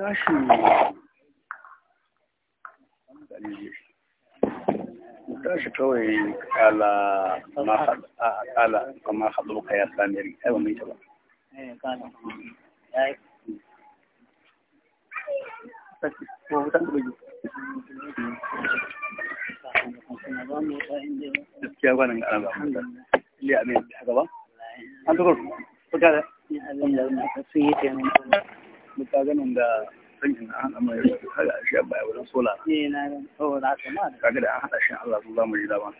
tashi tashi kawai kala kala kama ka ya ai mai ba eh, ya ba ne an ka ganin da sanyin an hana mai rufe kaga baya wurin sola eh, na kaga da an haɗa shi Allah su zamu yi dama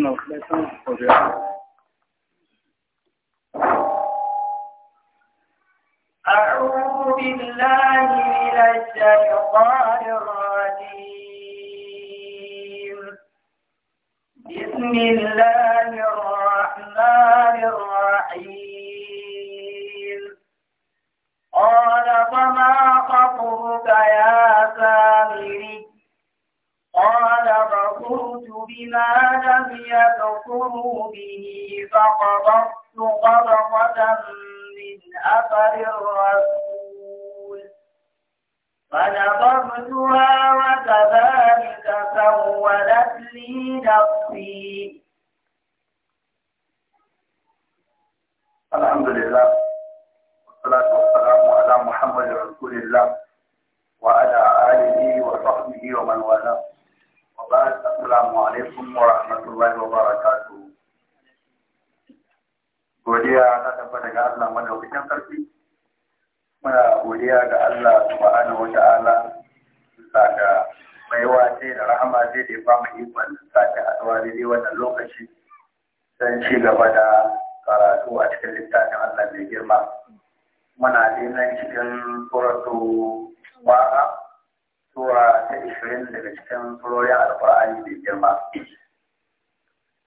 na muna godiya ga Allah subhanahu wata'ala bisa ga mai wace da rahama zai da ba mu ikon sake haɗuwa daidai wannan lokaci don ci gaba da karatu a cikin littafin Allah mai girma muna neman cikin suratu ba'a sura ta ishirin daga cikin surorin alfa'ani mai girma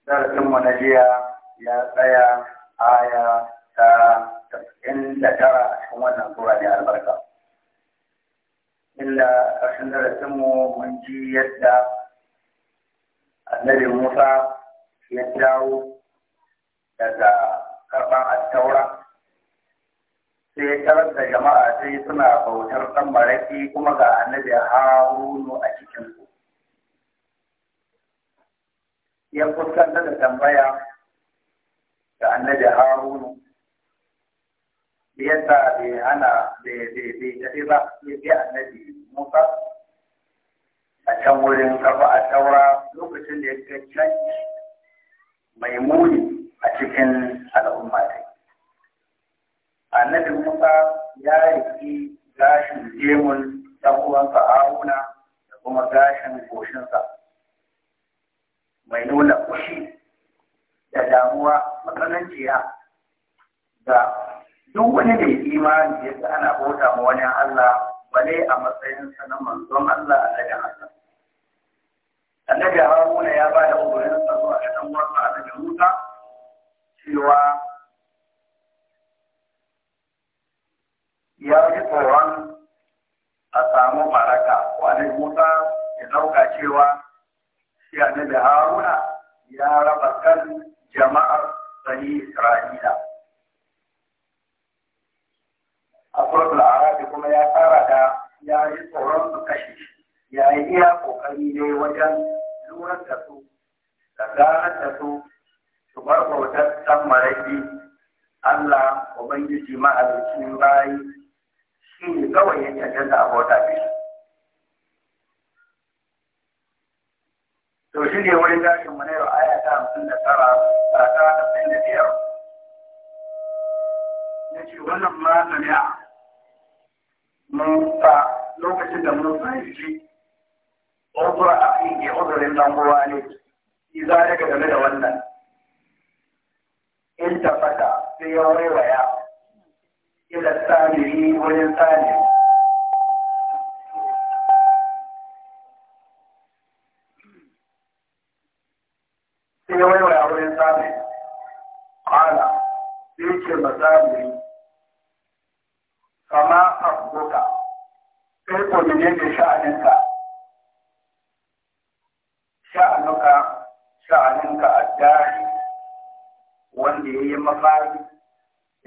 darasinmu na jiya ya tsaya aya ta saba'in da tara a cikin wannan tura ne albarka inda ƙarshen darasinmu mun ji yadda annabi musa ya dawo daga karɓar attaura sai ya tarar da jama'a sai suna bautar ɗan maraki kuma ga annabi harunu a cikin su ya fuskanta da tambaya ga annabi harunu yadda bai hana bai tafi ba ya bi annabi Musa a can wurin kafa a taura lokacin da ya kai canji mai muni a cikin al'umma ne. Annabi Musa ya riki gashin jemun ɗan uwansa Haruna da kuma gashin goshinsa mai nuna kushi da damuwa matsananciya da duk wani da imani ya ga ana bauta ma wani Allah bale a matsayinsa na manzon Allah daga Hassan annabi Haruna ya ba da umarnin sa zuwa ga dan uwansa annabi Musa cewa ya ji tsoron a samu baraka wani Musa ya dauka cewa shi annabi Haruna ya raba kan jama'ar Bani Isra'ila suratul arabi kuma ya fara da ya yi tsoron su kashe ya yi iya kokari ne wajen lura da su da ganar da su su bar bautar san maraki Allah ubangiji ma'alicin bayi shi ne kawai ya cancanta da abota da to shi ne wurin gashin mu yau aya ta hamsin da tara ta ta hamsin da biyar ya ce wannan ma sami'a Musa lokacin da Musa ya ji uzura a fiye uzurin dan uwa ne iza ya ga game da wannan in tafata sai ya waiwaya ila salihi wurin salihi sai ya waiwaya wurin salihi Kwana sai ce masalihi kama a ɗauko ta ko ne ne sha'aninka sha'anuka sha'aninka addari wanda ya yi mafari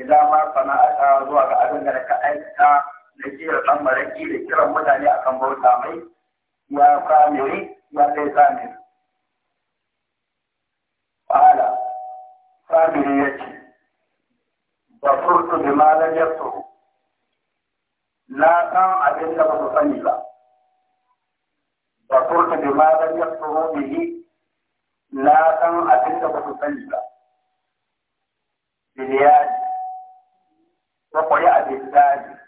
idan ma sana'ata zuwa ga abin da ka aikata na kira ɗan maraki da kiran mutane akan bauta mai ya kamiri ya kai zamiri قال قابل يجي بصرت بما لم يبصره na san abin da ba su sani ba da turka da malam ya tsoro da yi na san abin da ba su sani ba biliyadi ta kwaya a biliyadi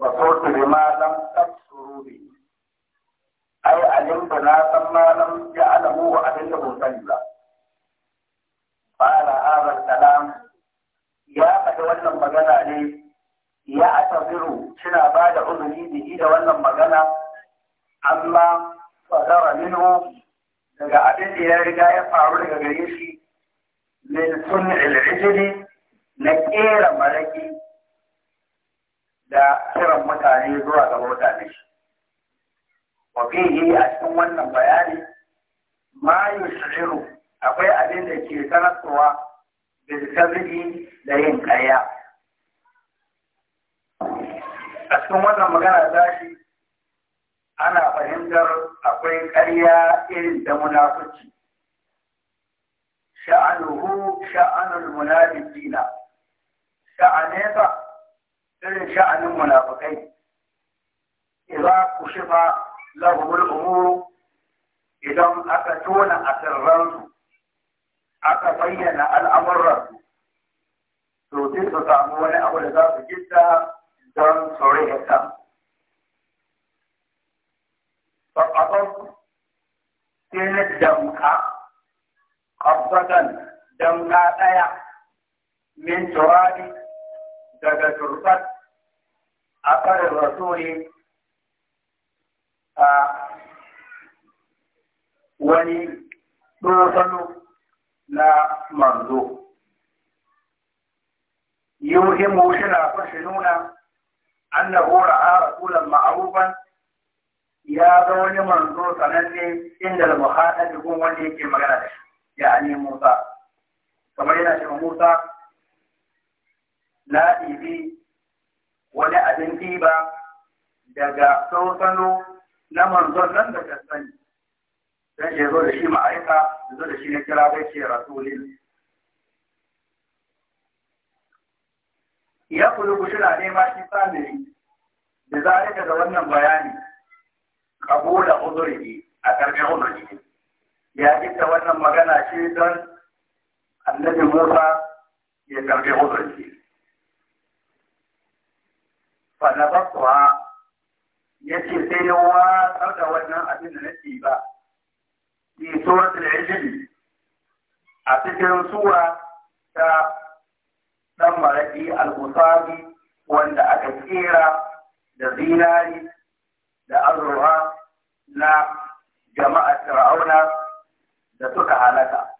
da turka da malam ya tsoro da ai alim da na san malam ya alamu wa abin da ba su sani ba fara harar salam ya faɗi wannan magana ne ya atabiru suna ba da uzuri bihi da wannan magana amma fadara minhu daga abin da ya riga ya faru daga gare shi min sunni al na kera malaki da kiran mutane zuwa ga mutane shi wa fihi a cikin wannan bayani ma yushiru akwai abin da ke sanarwa bil da yin ƙarya a cikin wannan magana tashi ana fahimtar akwai ƙarya irin da munafuci sha'anuhu sha'anul munafiqina sha'anesa irin sha'anin munafikai idan kushifa lahumul umur idan aka tona asirransu aka bayyana al'amuran to sai su samu wani abu da za su gidda don tsoron yasa. damka, ɗaya min turabi daga turbat a ƙarin ne a wani ɗosano na manzo. Yuhimu shi na fashe nuna annahu ra'a rasulan ma'rufan ya ga wani manzo sananne inda al-muhadabi kun wanda yake magana da shi yani Musa kamar yana cewa Musa na ibi wani abin ɗiba daga sautano na manzon nan da ka sani dan ya zo da shi ma'aika ya zo da shi na kira bai ce ya kulu ku ne ma shi samiri da zalika daga wannan bayani kabula uzuri a karkar uzuri ya gitta wannan magana ce don annabi Musa ya karbi uzuri fa ya ce sai ya watsar da wannan abin da nake ba Ni fi suratul hijr a cikin sura ta ɗan maraƙi al-usabi wanda aka kera da zinari da azurwa na jama'ar fir'auna da suka halaka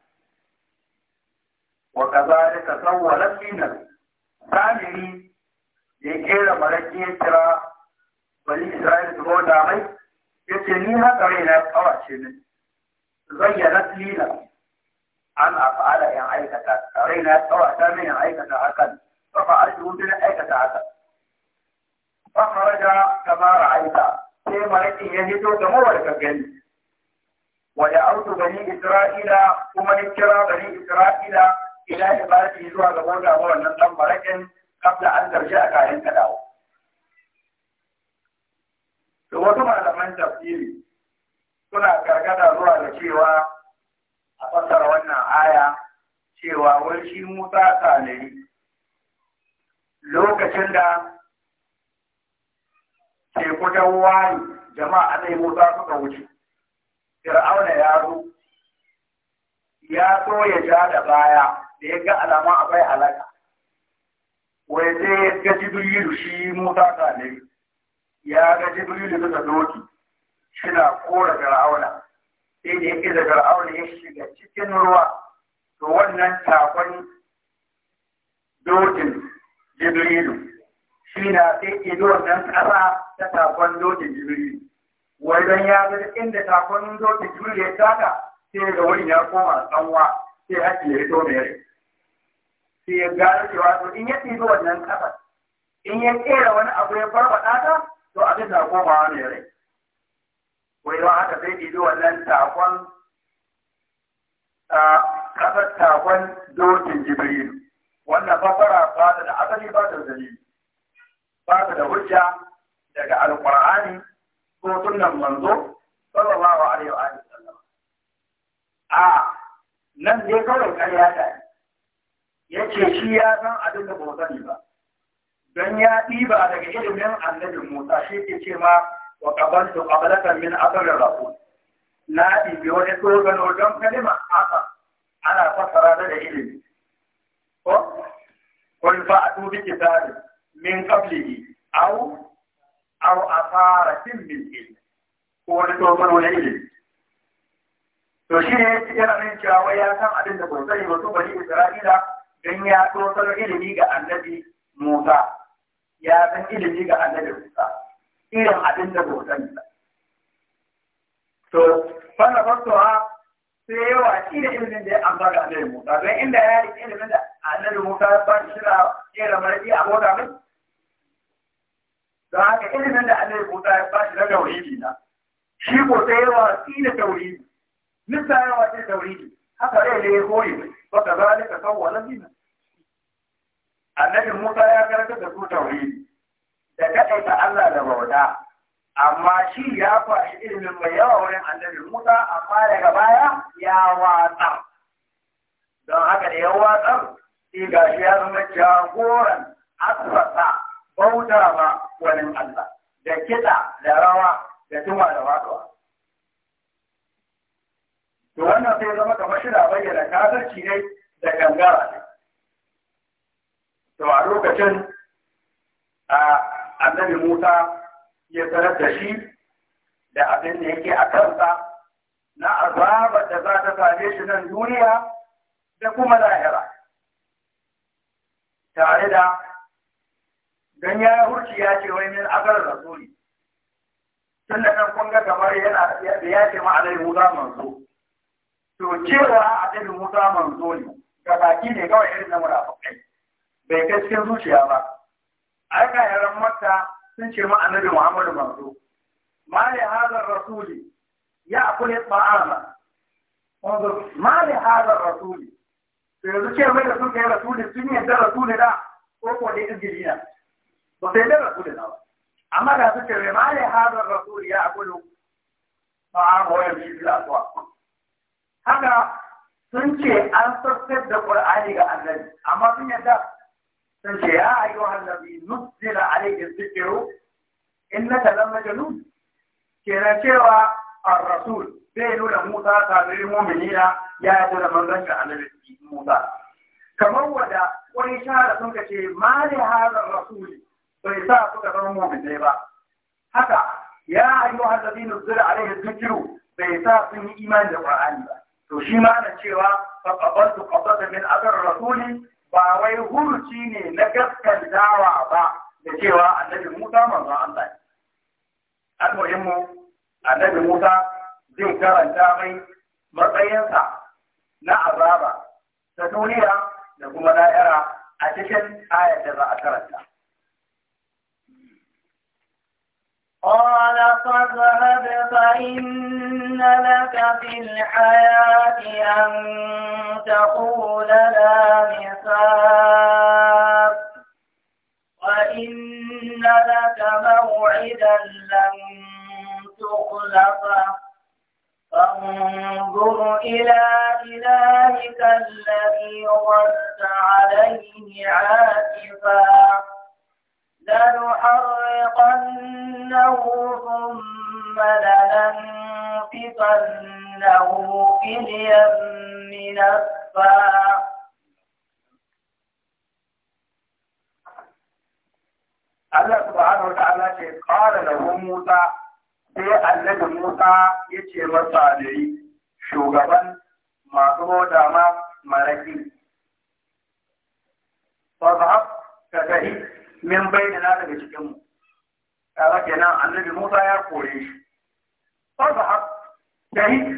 wa kazalika sawwala sinan samiri ya kera maraƙi ya kira bani isra'ila su gona mai ya ce ni haka rai raina kawace min zayyana sinan an afa'ala 'yan aikata raina tsawata min in aikata hakan fa fa'altu bin aikata hakan fa kharaja kama ra'aita sai marakin ya hito da mawarka gani wa da'awtu bani isra'ila kuma ni kira bani isra'ila ila ibadati zuwa ga bauta wa wannan dan barakin kafla an a kayan ka dawo to wasu malaman tafsiri suna gargada zuwa da cewa a fasara wannan aya cewa wai shi Musa Salih lokacin da teku ta wani jama'a ne Musa suka wuce Fir'auna ya zo ya so ya ja da baya da ya ga alama akwai alaka, wai sai ya ga Jibrilu shi Musa Salih ya ga Jibrilu da doki shi na kora Fir'auna sai da yake daga aure ya shiga cikin ruwa to wannan takon dokin jibrilu shi na sai ke wannan ƙasa ta takon dokin jibrilu wai don ya zai inda takon dokin jibrilu ya taka sai ga wurin ya koma tsanwa sai haƙi ya rito da yare sai ya gano cewa to in ya ɗibi wannan ƙasa in ya ƙera wani abu ya farfaɗa ta to abin na komawa da yare wai don haka sai ɗibi wannan takon ah, kasar takon dokin jibrilu wannan fafara ba ta da asali ba ta da dalili ba ta da hujja daga alƙur'ani ko sunan manzo sallallahu alaihi wa sallam a nan dai kawai ƙarya ta ce shi ya san abin da ba sani ba don ya ɗiba daga ilimin annabin Musa shi ke ce ma wa qabaltu من min الرسول لا na ɗibi wani tsogano don kalima haka ana fassara da ilimi ko kun fa atu bi kitabi min qablihi aw aw ko wani na ilimi to shi ne yana nan cewa ya san abin da bai sani ba bari Isra'ila don ya ilimi ga annabi Musa ilimi ga annabi Musa irin abin da bautan ta. ba to fara fasowa sai yawa shi da ilimin da ya amfani da annabi Musa don inda ya yi ilimin da annabi Musa ya ba shi shira kera marfi a mota mai don haka ilimin da annabi Musa ya ba shi na tauhidi na shi ko sai yawa shi da tauridi. nisa yawa shi tauridi. haka rai ne ya koyi ba ka zalika kawo wani annabi Musa ya karanta da su tauridi. da ta Allah da bauta amma shi ya faɗi ilimin mai yawa wurin annabi Musa amma daga baya ya watsa don haka da ya watsa shi ga shi ya zama jagoran asfasa bauta ma wani Allah da kiɗa da rawa da tuma da watsuwa to wannan sai zama kamar shida bayyana kasarci ne da gangara ne to a lokacin a annabi Musa ya sanar da shi da abin da yake a kansa na azabar da za ta same shi nan duniya da kuma lahira. Tare da don ya hurci ya ce wai min da rasuli tun da nan kun ga kamar yana da ya ce ma Musa manzo. To cewa a Musa manzo ne ga baki ne kawai irin na murafakai bai kai cikin zuciya ba. ai yaran mata sun ce ma annabi muhammadu manzo ma ya hada rasuli ya akule ta'ama wanda ma ya hada rasuli sai yanzu ce mai da sun kai rasuli sun da rasuli da ko ko da izgili na ba sai da rasuli na ba amma da su ce ma ya hada rasuli ya akulu ta'ama wa yamshi bil to haka sun ce an sassa da qur'ani ga annabi amma sun yadda تمشي يا أيها النبي نزل عليك الذكر إنك لما جنود كنا كوا الرسول بينه لموسى تابعي المؤمنين يا أيها من رجع على موسى كما هو دا وإشارة شيء ما لهذا الرسول فإساء تكتب مؤمن ديبا حتى يا أيها الذين نزل عليه الذكر فإساء تنهي إيمان دقاء عنه shi ma na cewa fa qabaltu qablata min ba wai hurci ne na gaskantawa ba da cewa annabi Musa manzo Allah ne. Almuhimmu annabi Musa zai karanta mai matsayinsa na azaba ta duniya da kuma na'ira a cikin ayar da za a karanta. قال فاذهب فإن لك في الحياة أن تقول لا مصاب وإن لك موعدا لن تخلقه فانظر إلى إلهك الذي ظلت عليه عاكفا لنحرقنه ثم لننقصنه في اليم نفا Allah subhanahu wa ta'ala ce ƙara da Musa sai annabi Musa ya ce masa da yi shugaban masu roda ma maraki. Fazahab ka gari min bayyana daga cikin mu ke nan annabi Musa ya kore shi fa ba ha dai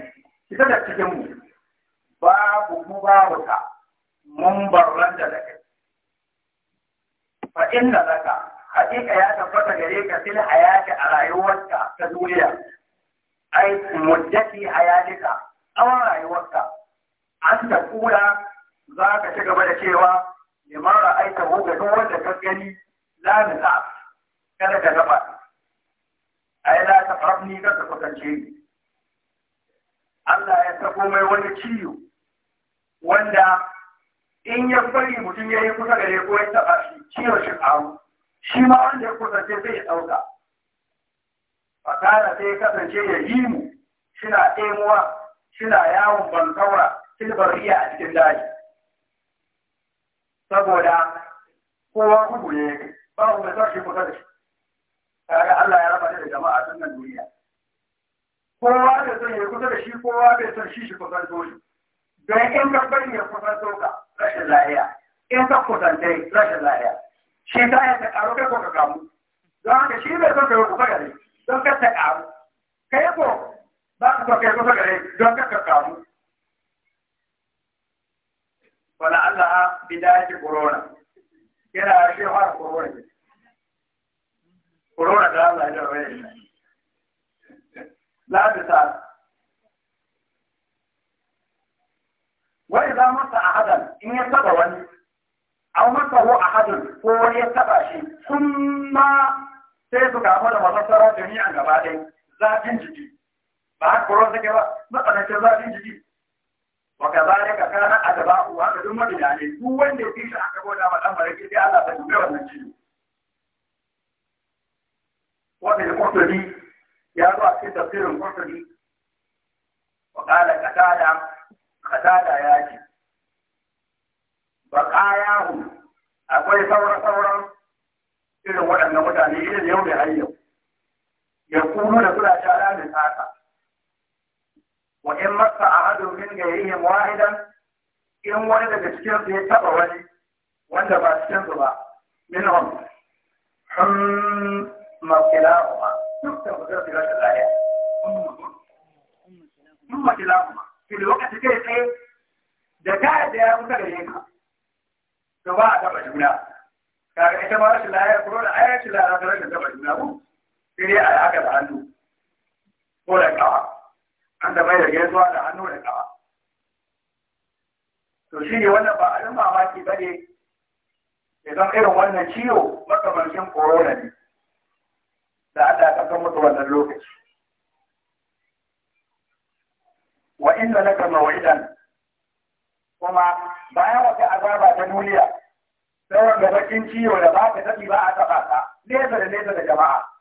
kika da cikin mu babu mu babu ta mun barran da daga fa inna laka hakika ya tabbata gare ka fil hayati a rayuwarka ta duniya ai muddati hayatika tsawon rayuwarka an ta kura za ka ci gaba da cewa liman ra'aita hu ga duk wanda ka gani la na ta kada ka gaba A la ta farafni ka ta kwatance ni Allah ya tako mai wani ciwo wanda in ya bari mutum ya yi kusa gare ko ya taba shi ciwo shi kawo shi ma wanda ya kusance sai ya ɗauka Fasara sai ya kasance ya yi mu shina ɗemuwa shina yawon bankaura silbariya a cikin daji saboda kowa kugu ne ba mu ta shi kusa da shi kaga Allah ya raba da jama'a a nan duniya kowa da son ya kusa da shi kowa bai son shi shi kusan dole don in ka bari ya kusan soka rashin lahiya in ka kusan dai rashin lahiya shi ta yadda karo kai ko ka kamu don haka shi bai son ka yi kusa gare don ka ta kamu kai ko ba ka son ka yi kusa gare don ka ka kamu wala Allah bidaji corona yana shi fara korona ne korona da Allah ya rai ne la da za wa idza masa ahadan in ya taba wani aw masa hu ahadun ko wani ya taba shi kuma sai su gamu da masasara jami'an gaba ɗaya zafin jiki ba har korona take ba matsanancin zafin jiki Waka za ne a da ba'u haka duk duk wanda ya fi shi aka gona wa ɗan mara kiri Allah ta wannan ciki. Wanda ya ya zo a cikin tafsirin kwanta ni. Wakala ka ya ce. Bakaya hu akwai sauran-sauran irin waɗannan mutane irin yau da hanyar. Ya kuno suna sha ranar tata. wa in masa ahadu min gairihim wahidan in wani daga cikin su ya taba wani wanda ba cikin min ba minhum hum makilahuma duk da mutum da rashin lafiya hum makilahuma fil wakati kai tsaye da ta da ya da gare ka to ba a taba juna kaga ita ma rashin layar. ko da ayyaci lafiya rashin taba juna ko sai ne a yi haka da hannu ko da kawa an da bayar gaisuwa da hannu da kawa to shi ne wannan ba abin mamaki ba ne idan irin wannan ciwo makamancin korona ne da Allah ta san mutu wannan lokaci wa kama wa idan. kuma bayan wata azaba ta duniya sai wanda bakin ciwo da ba ta tafi ba a taba ta nesa da nesa da jama'a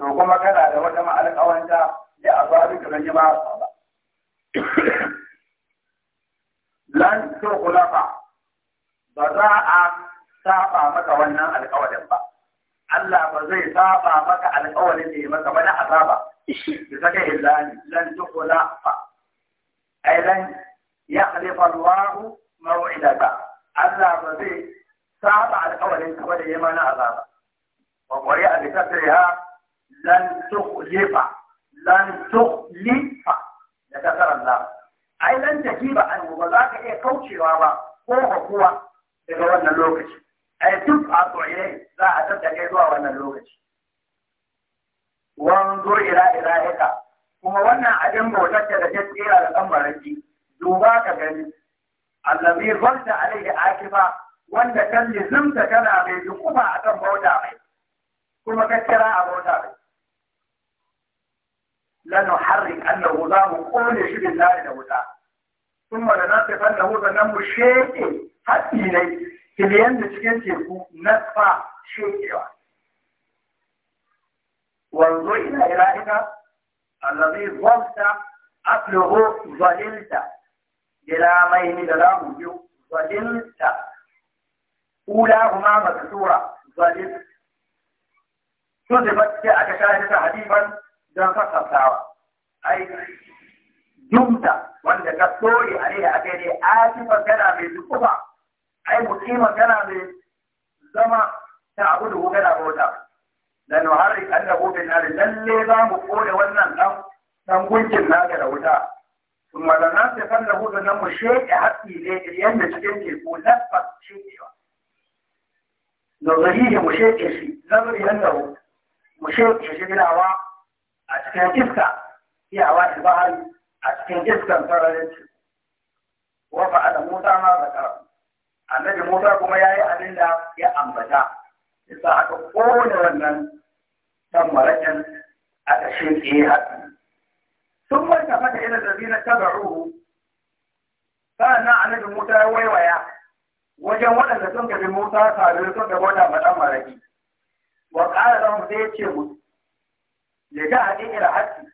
to kuma kana da wata ma'alƙawanta da a faru da rage ba ba lan to kulafa ba za a saba maka wannan alƙawarin ba Allah ba zai saba maka alƙawarin da ya maka ba na azaba da saka illani lan to kulafa ai lan ya khalifa Allah maw'idaka Allah ba zai saba alƙawarin ka ba da ya mana azaba wa qari'a bi kasriha lan tukhlifa lan tukhlifa da kasaran lam ai lan tajiba an ba za ka iya kaucewa ba ko hakuwa daga wannan lokaci ai duk a tsoye za a tattake zuwa wannan lokaci wanzur ila ilaika kuma wannan abin bautar da ta tsira da tsammarin duba ka gani allazi zalta alaihi akifa wanda kan lizimta kana mai dukufa akan bauta mai kuma ka a bauta mai لنحرك أنه لا كل شيء لا له ثم لنصفنه ذنب الشيء حتى إليه كليان لسكين تيكو نصف شيء وانظر إلى إلهك الذي ظلت أكله ظللت بلا مين بلا وجو ظللت أولاهما مكسورة ظللت كذبت أكشاهدت حديثا don kasantawa ai jumta wanda ka tsore a yi a daidai a ci magana mai zukuba ai mutum magana mai zama ta abu da gugana bauta Dan nuharri an da gobe na lalle za mu kore wannan dan dan gunkin naka da wuta sun malana ta kan da hudu nan mu sheke hatsi ne yadda cikin teku na fashe cewa nazarihi mu sheke shi nazari yadda mu sheke shi ginawa a cikin iska iya hawa ilbahari a cikin iskan sararin wa ba da mota ma zakara annabi mota kuma yayi abin da ya ambata isa aka kone wannan dan marakin aka shirye haɗu sun mai tafa da irin da zina ta ba'uhu sa'annan annabi mota ya waiwaya wajen waɗanda sun gabi Musa tare sun gaba da maɗan maraki wa ƙara zama sai ya ce musu ya ga haƙiƙar haƙƙi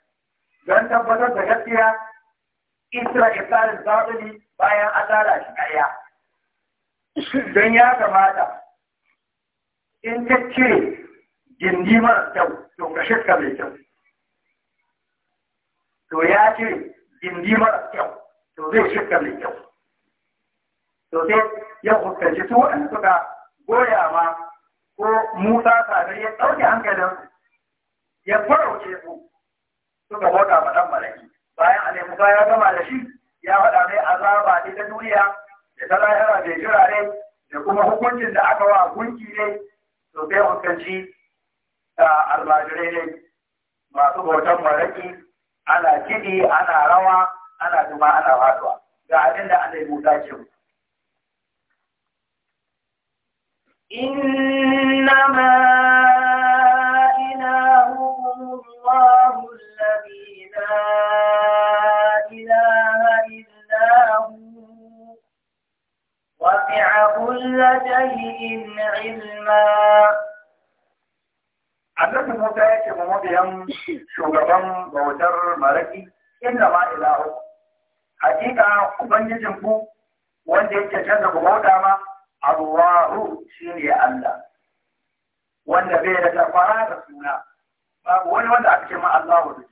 don tabbatar da gaskiya isra isarin zaɓili bayan an lara shi ɗaya. Don ya kamata in ta cire gindi mara kyau to ka shirka mai kyau. To ya cire gindi mara kyau to zai shirka mai kyau. To sai ya fuskanci su waɗanda suka goya ma ko Musa sadar ya ɗauke hankalinsu? ya farauce ku suka bauta ma dan malaki bayan alaimuka ya gama da shi ya faɗa mai azaba ne ta duniya da ta lahira da jira ne da kuma hukuncin da aka wa gunki ne to sai hukunci da almajirai ne masu bautan maraki ana kiɗi ana rawa ana kuma ana faduwa ga abin da Allah ya buɗa ce إِنَّمَا لا إله إلا هو وسع كل شيء علما Annabi Musa ya ce mabiyan shugaban bautar maraki inda ma ilahu. Hakika Ubangijin ku wanda yake canza ku bauta ma shi ne Allah. Wanda bai da tafara da suna. Babu wani wanda aka ce ma Allahu da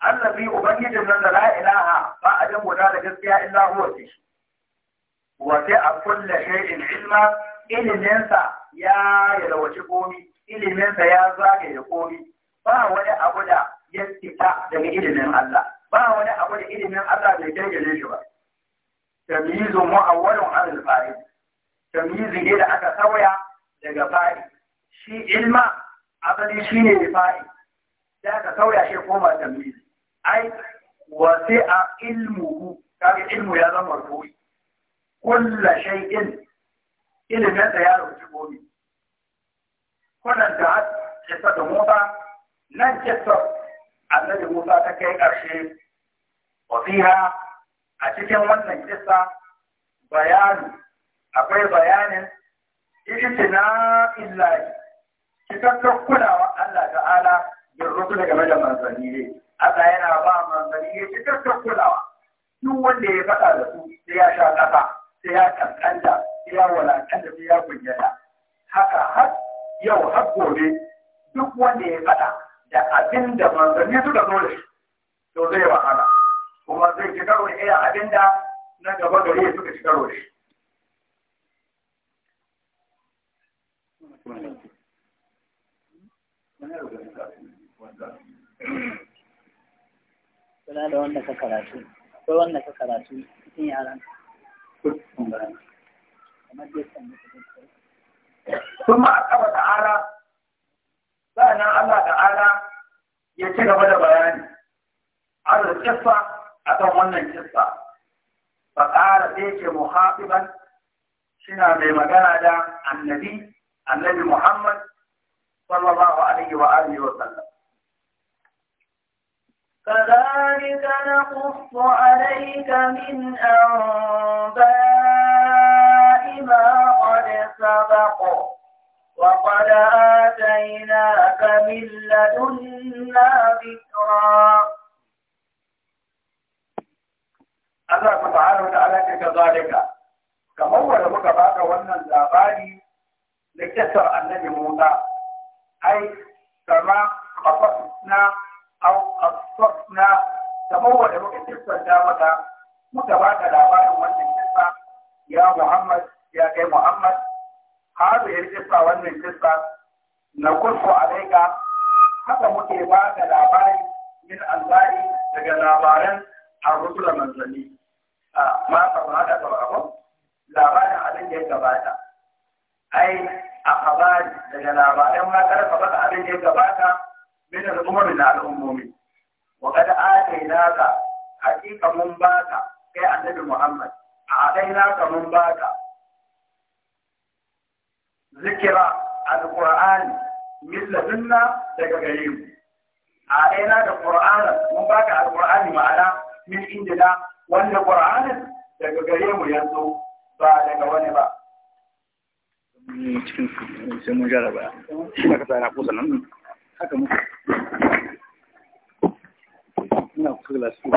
allazi ubangijin nan da la ilaha ba a jan guda da gaskiya illa huwa ce wa sai a kulla shay'in ilma iliminsa ya yalwaci komi iliminsa ya zage da komi ba wani abu da ya fita daga ilimin Allah ba wani abu da ilimin Allah bai dangane shi ba tamyizu mu'awwalun an al-fa'il tamyizu ne da aka sauya daga fa'il shi ilma asali shine fa'il da aka sauya shi koma tamyiz ai wasi'a ilmuhu kaga ilmu ya zama rubuci kulla shay'in ilimin ya rubuci gobe kwatanta kisa da Musa nan kisa annabi Musa ta kai ƙarshe wasiha a cikin wannan kisa bayani akwai bayanin ijtina illahi cikakken kulawa Allah ta'ala bin rusul game da manzanni ne Allah yana ba manzanni ya ci karkar kulawa duk wanda ya faɗa da su sai ya sha ƙasa sai ya kankanta sai ya walakanta sai ya kunyata haka har yau har gobe duk wanda ya faɗa da abin da manzanni suka zo da shi to zai wahala kuma zai ci karo iya abin da na gaba ya suka ci karo shi. Thank you. kula da wanda ka karatu akwai wanda ka karatu cikin yaran kamar a san kuma akaba ta'ala sa'annan Allah da ta'ala ya ci gaba da bayani ala kissa kan wannan kissa fa qala sai ce muhaqiban shina mai magana da annabi annabi Muhammad sallallahu alaihi wa alihi wa sallam فذلك نقص عليك من أنباء ما قد سبق وقد آتيناك من لدنا ذكرا Allah subhanahu wa ta'ala ke kazalika kamar wanda muka baka wannan labari da kisar annabi Musa ai kama qasasna au asfafna kamar wanda muka kirkanta maka muka baka labarin wannan kisa ya Muhammad ya kai Muhammad hadu ya kisa wannan kisa na kurku alaika haka muke baka labarin min anzari daga labaran ar-rusul manzali ma ka ba da ba labarin abin da ya gabata ai a habari daga labarin ma karfa ba abin da ya gabata من al'ummi na al'ummomi wa kada ataina ka hakika mun baka kai annabi Muhammad a ataina ka mun zikira alqur'ani min ladunna daga gare mu a ɗaya da Qur'ana ma'ana wanda daga ba sai mun jarraba shi ka na kusa nan haka muke ina kusa da lasu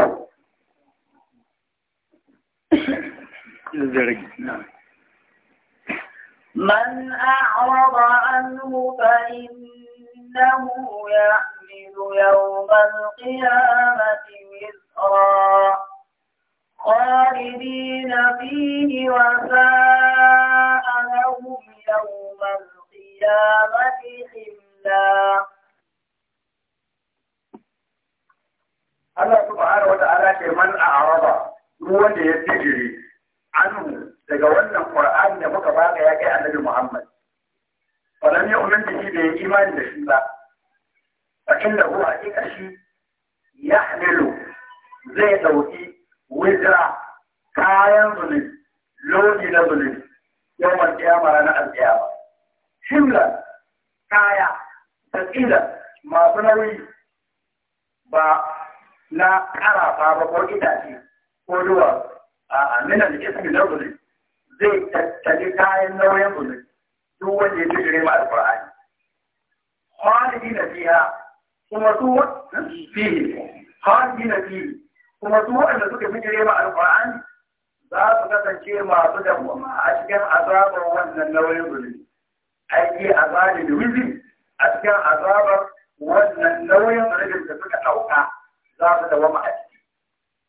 zai rage من أعرض عنه فإنه يحمل يوم القيامة وزرا خالدين فيه وساء لهم يوم القيامة حملا Allah subhanahu wa ala ke man a'raba duk wanda ya bijiri an daga wannan Qur'ani da muka baka ya kai Annabi Muhammad falan ya umin da bai imani da shi ba fakin da huwa hakika shi ya zai dauki wizra kayan zunubi lodi na zunubi yau man kiyama ranar alkiyama shimla kaya da masu nauyi ba na karafa ba ko gidaje ko ruwa a minan ismi na gudu zai tattali kayan nauyin gudu duk wanda ya ji jire ma alƙur'ani Hali na fiha kuma su hmm? fihi na kuma su wanda suka fi jire ma alƙur'ani za su kasance masu damuwa a cikin azabar wannan nauyin guzuri aiki azabi da wizi a cikin azabar wannan nauyin guzuri da suka ɗauka za su dawama a ciki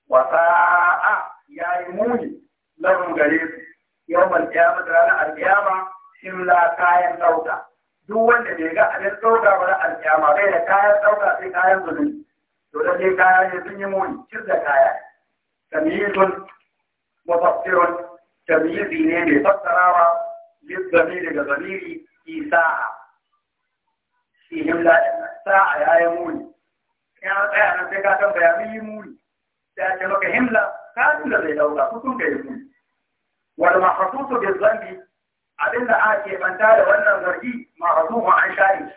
wa sa'a yayi muni lahum gare su yawmal qiyamah ranar alqiyama illa kayan dauka duk wanda bai ga abin dauka ba na alqiyama bai da kayan dauka sai kayan zulumi to da dai kaya ne sun yi muni cin da kaya tamyizun mufassirun tamyizi ne mai fassarawa lizzamiri da zamiri isa'a fihim la sa'a ya yi muni ya tsaya nan sai ka tambaya mun yi muni da ce maka himla ka da zai dauka ku sun kai muni wal mahsusu bi dhanbi abin da ake banta da wannan zargi mahsusu an shari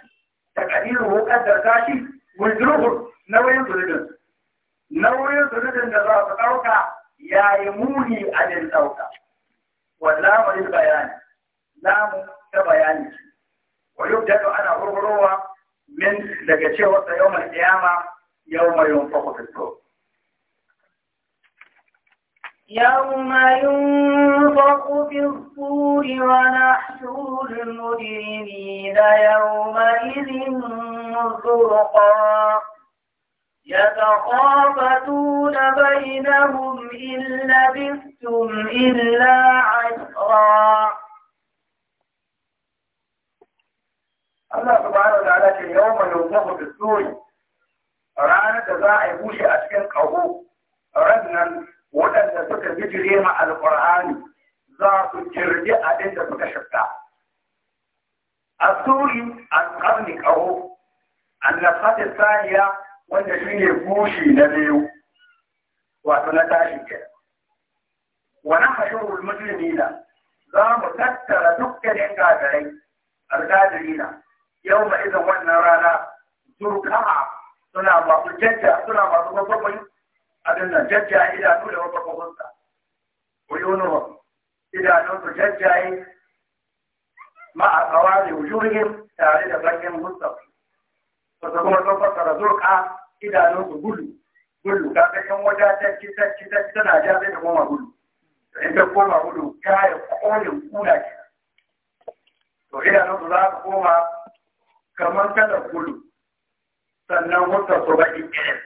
da kadiru kaddar tashi wujruhu nauyin zulubin nauyin zulubin da za su dauka yi muni a din dauka wallahu lil bayani lamu ta bayani wa yubda ana hurhurowa min daga cewa yawmal qiyamah يوم ينفخ في الصور يوم ينفق في الصور ونحشر المجرمين يومئذ زرقا يتخافتون بينهم إن لبثتم إلا عشرا الله سبحانه وتعالى يوم ينفخ في الصور ranar da za a yi bushe a cikin ƙaho rannan waɗanda suka bijire ma alƙur'ani za su jirgi a inda suka shirka. A suri an ƙarni ƙaho, an nafatin saniya wanda shi ne bushe na biyu, wato na tashi ke. Wannan hashirul musulmi na za mu tattara dukkanin gagarai, alƙadirina, yau ma izin wannan rana, zurka suna masu jajja suna masu kwakwai abin nan jajja idanu da kwakwakwunsa wuyunuhum idanunsu jajjaye ma'a kawari wujuhin tare da bakin hussar wasu kuma sun fassara zurka idanunsu gudu gudu ka ga yan wata tacci tacci tacci tana ja sai ta koma gudu in ta koma gudu ta yi kolin kuna ke to idanunsu za ka koma kamar kalar gudu sannan wata su baƙi irin.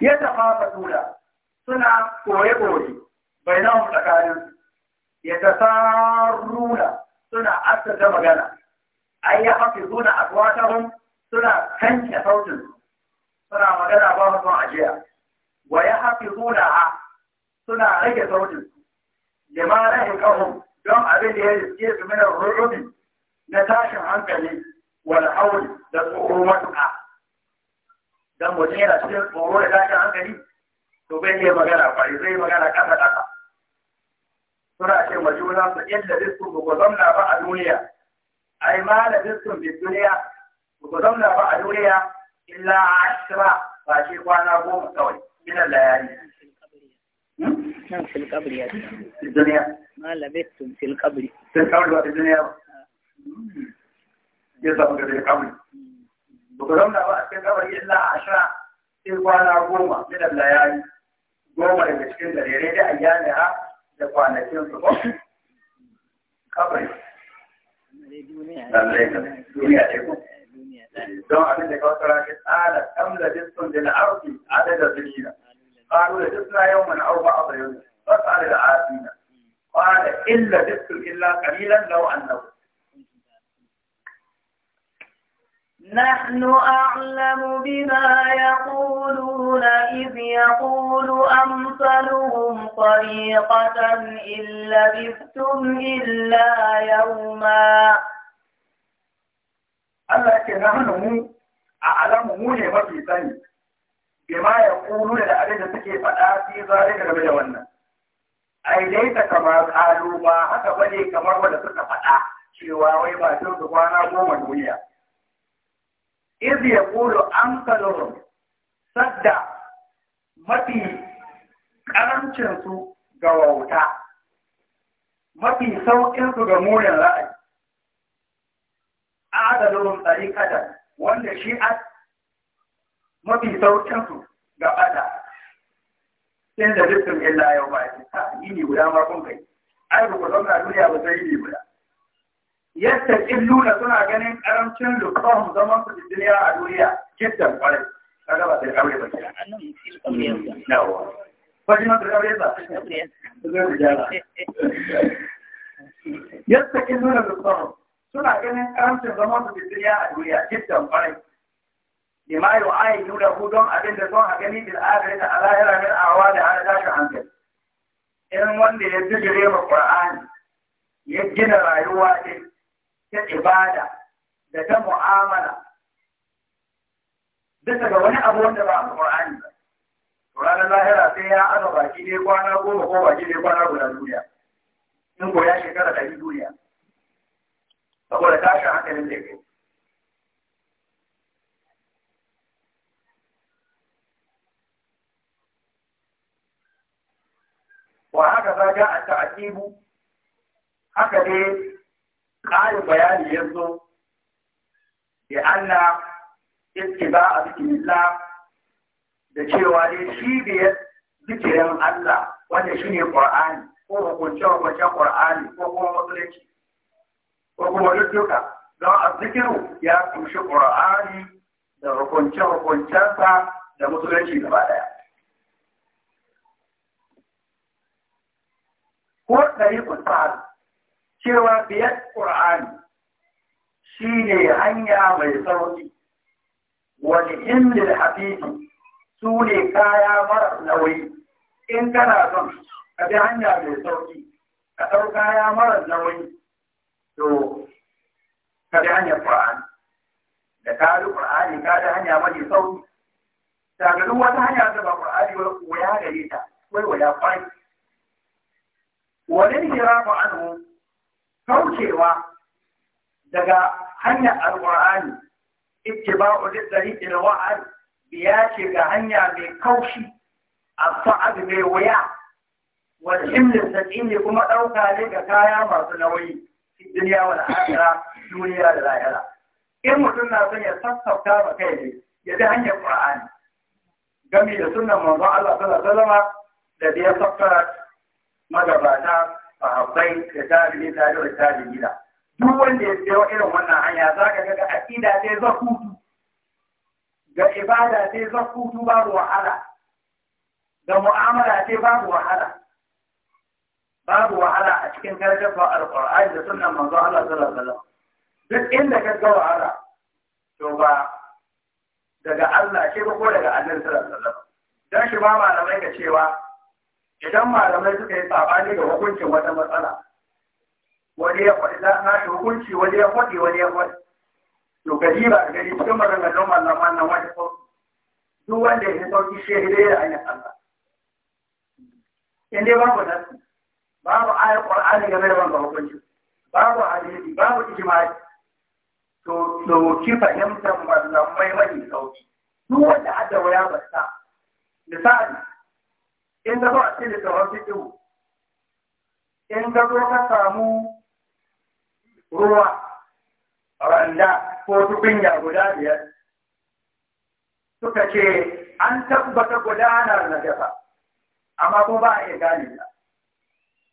Yadda fata tura suna koye-koye bai na tsakanin yadda sarruna suna asirta magana, ai ya hafi zuna a kwatarun suna kanke sautin suna magana ba su son ajiya, wa ya hafi zuna a suna rage sautin, limanin ƙahun don abin da ya riske su minar rurrumin na tashin hankali wal haul da tsoron wata dan mutum yana cikin tsoro da tashin hankali to bai iya magana ba zai magana kasa kasa suna ce ma juna su inda diskun ba ku zamna ba a duniya ai ma da diskun bi duniya ba ku zamna ba a duniya illa ashra ba shi kwana goma kawai min layali nan fil kabri ya duniya ma labittum fil kabri fil kabri ba duniya ba ya samu gari da kamar ba zauna ba a cikin kamar illa a sha sai kwana goma minan layari goma daga cikin dare da ayyana ha da kwanakin su kamar lallai ka duniya ce ku don abin da kawai tsara shi tsara kamla jisun da la'arfi adada auba a لجسنا يوما أو بعض يوم فاسأل العافين قال illa لبثتم إلا قليلا لو أنه نحن أعلم بما يقولون إذ يقول أمثلهم طريقة إن لبثتم إلا يوما Allah ke nahanu mu a alamu mu ne mafi sani bima ya kulu da abin da suke faɗa fi zare da game da wannan ai dai ta kama kalu ba haka bane kamar wanda suka faɗa cewa wai ba su kwana goma duniya iz yaqulu anqaluhum sadda mafi karamcin ga wauta mafi saukin su ga murin ra'ayi adalun tsarikatan wanda shi a mafi saukin su ga bada inda dukkan illa yau ba ta yi ne guda ma kun kai ai ba ku zauna duniya ba sai yi guda yastajilluna suna ganin karamcin lukahum zaman su duniya a duniya jiddan kwarai kaga ba sai aure ba ke nawa fajin da aure ba yastajilluna lukahum suna ganin karamcin zaman su duniya a duniya jiddan kwarai lima yu'ayinu lahu don abin da son a gani bil akhirati a lahira min awa da har tashi hankali in wanda ya bijire ma qur'ani ya gina rayuwa din ta ibada da ta mu'amala bisa ga wani abu wanda ba a Qur'ani ba ranar lahira sai ya aza baki ne kwana goma ko baki ne kwana guda duniya in ko ya shekara ɗari duniya saboda tashi hankalin da ya wa haka za ga a ta'ajibu haka dai ƙarin bayani ya zo da Allah iske ba a bikinillah da cewa dai shi biyar zikirin Allah wanda shi ne Ƙur'ani ko hukunce-hukuncen Ƙur'ani ko kuma musulunci ko kuma dukka don a zikiru ya kumshi Ƙur'ani da hukunce-hukuncensa da musulunci gaba ɗaya. Ko ɗari kusa cewa biyar ƙura'ani shi ne hanya mai sauƙi wani da hafifi su ne kaya mara nauyi in kana son ka bi hanya mai sauƙi ka ɗau kaya mara nauyi to ka bi hanyar ƙura'ani da ka bi ƙura'ani ka bi hanya mai sauƙi daga wata hanya ta ba ko ya gare ta wai waya kwai wani hiramu anhu kaucewa daga hanyar alƙur'ani ittiba'u lidariqil wa'ad biya ce ga hanya mai kaushi a sa'ad mai wuya wal himlin ne kuma ɗauka ne ga kaya masu nauyi duniya wani hajjara duniya da lahira in mutum na son ya sassauta ba kai ne ya bi hanyar ƙwa'ani gami da sunnan manzo Allah sallallahu alaihi wasallam da biya sassara magabata sahabbai da tabi'i tabi'i da tabi'i da duk wanda ya biyo irin wannan hanya za ka ga aqida dai zafutu. ga ibada dai zakutu babu wahala ga mu'amala sai babu wahala babu wahala a cikin karfafa alqur'ani da sunnan manzo Allah sallallahu alaihi duk inda ka ga wahala to ba daga Allah ce ba ko daga Annabi sallallahu alaihi wasallam dan shi ba malamai ka cewa idan malamai suka yi sabani ga hukuncin wata matsala wani ya faɗi na shi hukunci wani ya faɗi wani ya faɗi to gari ba a gari cikin maganganun malama na wani sauki duk wanda ya fi sauki shi hidai da yi Allah in dai babu nasu babu ayar ƙwar'ani game da wanda hukunci babu hadisi babu ijma'i to ki fahimtar malamai mai sauki duk wanda adda waya basta misali in ka a cikin littafin fiƙiru in ka ko ka samu ruwa randa ko tukunya guda biyar suka ce an tabbata gudanar na dafa amma kuma ba a iya gane ta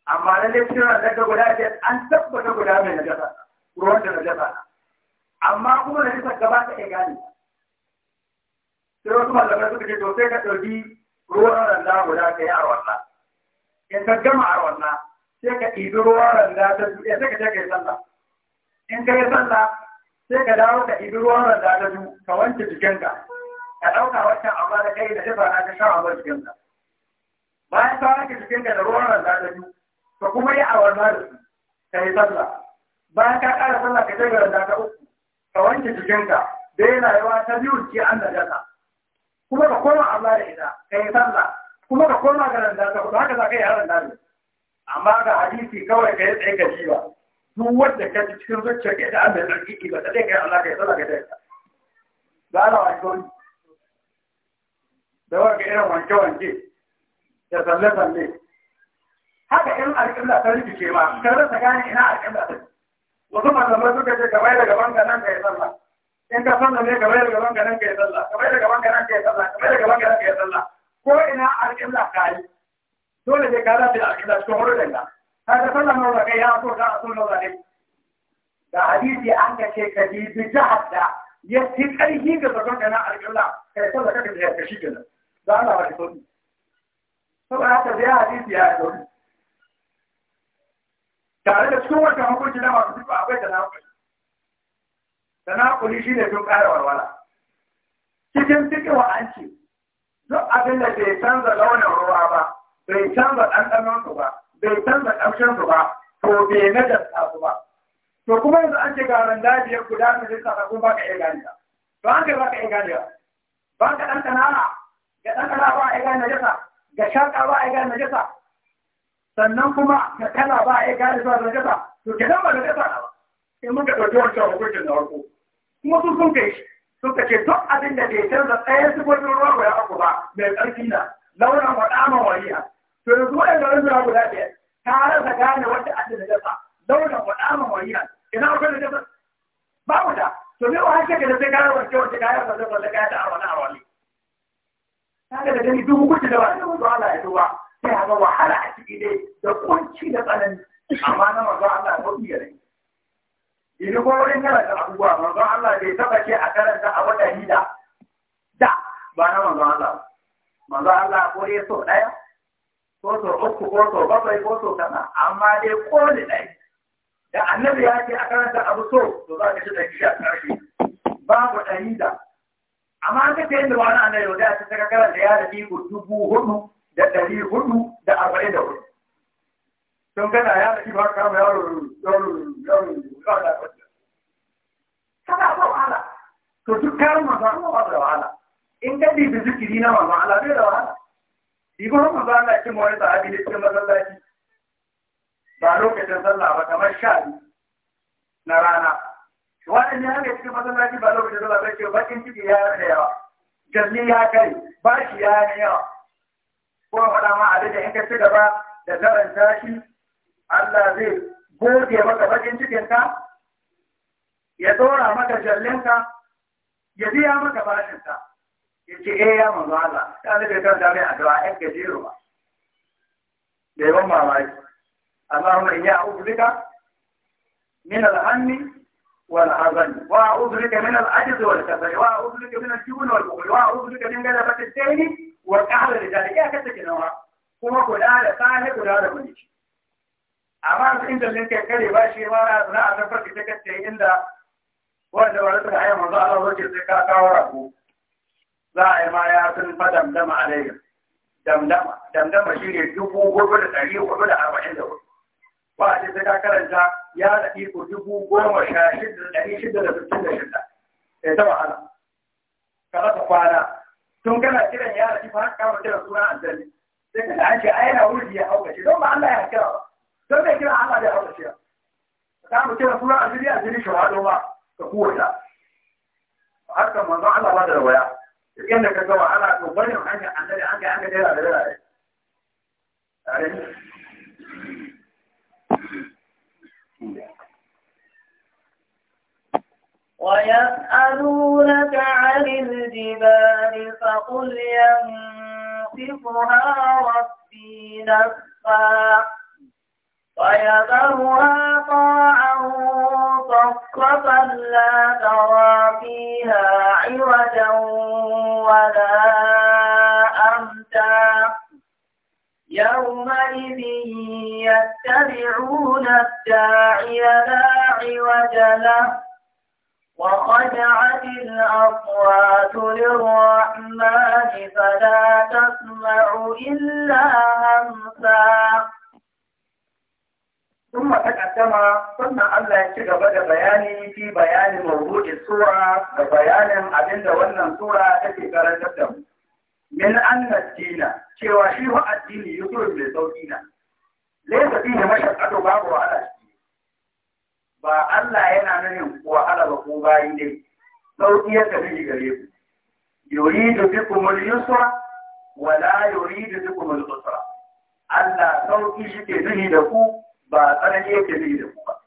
amma lalle na daga guda biyar an tabbata guda mai na dafa ruwan da na dafa amma kuma na jafa gaba ta iya gane ta sai wasu malamai suka ce to sai ka ɗauki ruwan randa guda ka yi arwanna in ka gama arwanna sai ka ɗibi ruwan randa ta duɗe sai ka je ka yi sallah in ka yi sallah sai ka dawo ka ɗibi ruwan randa ta du ka wanke jikinka ka ɗauka wancan amma da kai da dafa na ka sha amma jikinka bayan ka wanke jikinka da ruwan randa ta du ka kuma yi arwanna da su ka yi sallah bayan ka ƙara sallah ka je ga randa ta uku ka wanke jikinka da yana yawa ta biyu ce an da jasa kuma ka koma Allah da ita ka yi sallah kuma ka koma ga nan da ka haka za ka yi haran da amma ga hadisi kawai ka yi tsaye ka ji ba duk wanda ka ji cikin zuciya ka da Allah ya tsarki ba ta dai ka yi Allah ka yi sallah ka dai da ala wa ikon da wa ga irin wanke wanke da tsalle-tsalle. haka irin alƙalla ta rikice ma ka rasa gane ina alƙalla ta wasu malamai suka ce ka bai daga ka nan ka yi sallah in ka san da ne kamar da gaban ka nan ka yi sallah kamar da gaban ka nan ka yi sallah kamar da gaban ka nan ka yi sallah ko ina alƙibla ka yi dole ne ka za ta alƙibla cikin hururin ka ka ga sallah na wanda kai ya so ka a so na wanda da hadisi an ka ce ka bi bi jihar da ya fi ƙarfi ga gaban ka nan alƙibla ka yi sallah kaka da ka shi kenan da Allah ba shi sauki saboda haka zai hadisi ya yi sauki tare da cikin wata hukunci na masu duk akwai da na hukunci tanakuli shi ne sun ƙara warwara cikin cikin an ce duk abin da bai canza launin ruwa ba bai canza ɗanɗanonsu ba bai canza su ba to bai najarta su ba to kuma yanzu an ce ga randa biyar guda da zai saka kuma baka iya gane ba to an ce baka iya gane ba ba ka ɗanɗana ga ɗanɗana ba a iya na jasa, ga shaƙa ba a iya na jasa, sannan kuma ga kala ba a iya gane zuwa jasa, to nan ba najasa jasa ba in muka ɗauki wancan hukuncin na farko kuma sun sun kai suka ce duk abin da bai canza tsayen sifofin ruwa ya aku ba mai tsarki na launin waɗaman wariya to yanzu waɗanda rinjina guda ɗaya ta rasa gane wanda ake da jasa launin waɗaman wariya ina akwai da jasa mu da to me wa hake da sai gane wace wace gane wace wace gane da arwana arwani Ta da gani duk hukunci da wani mutu Allah ya duba sai haka wahala a ciki dai da kunci da tsanani amma na mazu Allah ya mutu ya rai Yanzu ko wurin karanta abubuwa manzo Allah bai taba ce a karanta a wata hida da ba na manzo Allah. Manzo Allah ko dai so ɗaya ko so uku ko so bakwai ko so kaza amma dai ko ne ɗaya. Da annabi ya ce a karanta abu so to za ka ci da a ƙarshe babu ɗari da. Amma an kace yadda wani annabi ya ce ta karanta ya da dubu hudu da ɗari hudu da arba'in da hudu. don kana ya da ba ka ma yaro yaro yaro ba da kwata kana ba wahala to duk karin manzo Allah ba da wahala in ka bi da zikiri na manzo Allah bai da wahala ibo ba Allah ya ce mu wani sahabi ne cikin masallaci ba lokacin sallah ba kamar sha na rana wannan ya ga cikin masallaci ba lokacin sallah ba ce bakin ciki ya da yawa jalli ya kai ba shi ya yawa ko faɗa ma a da in ka ci gaba da karanta shi Allah zai goge maka bakin cikinka, ya tsora maka jallinka, ya biya maka bashinka, ya ce, "E ya manzo Allah, ta nufi kan dame a dawa ‘yan gajeru ba." Da yawan mamaki, Amma in ya uzurika min alhanni wani azan, wa a uzurika min al'ajiz wani kasari, wa uzurika min al-jibun wal bukuli, wa uzurika min gada fatin tsaini wa kahar da jari, ya kasa kinawa, kuma kula da sahi kula da mulki. amma inda linka kare ba shi ma na na a farki ta kace inda wanda ba su ayyama manzo Allah ke sai ka kawo rako za a yi ma ya sun fa damdama alayya damdama damdama shi ne dubu hudu da ɗari hudu da arba'in da hudu ba a ce sai ka karanta ya da iko dubu goma sha shida da ɗari shida da sittin da shida ya ta wahala ka rasa kwana tun kana kiran ya da iko har kama kiran suna aljani sai ka da an ce ai na wuri ya hauka shi don ba Allah ya kira ba don mai kira Allah da hausa shiya ta mu kira suna asiri asiri shahado ba ta kowata harkar manzon Allah ba da rawaya duk da ka gawa ana to barin hanyar annabi an ga an ga dera da dera tare ويسألونك عن الجبال فقل ينصفها ربي نصفا ويذرها طاعا صفصفا لا ترى فيها عوجا ولا أمتا يومئذ يتبعون الداعي لا عوج له وخدعت الأصوات للرحمن فلا تسمع إلا همسا ثم تقدم ثم الله يشجع بدا بياني في بيان موضوع السورة وبيان أبن ولن سورة التي كانت من أن الدين cewa shi wa addini yusuf bai sauki na laysa fihi babu wahala ba Allah yana nuna wahala ba ko bayi dai sauki ya tafi gare ku yuridu bikum al-yusra wa la yuridu bikum al-usra Allah sauki shi ke nuni da ku ba tsanani yake zai da ku ba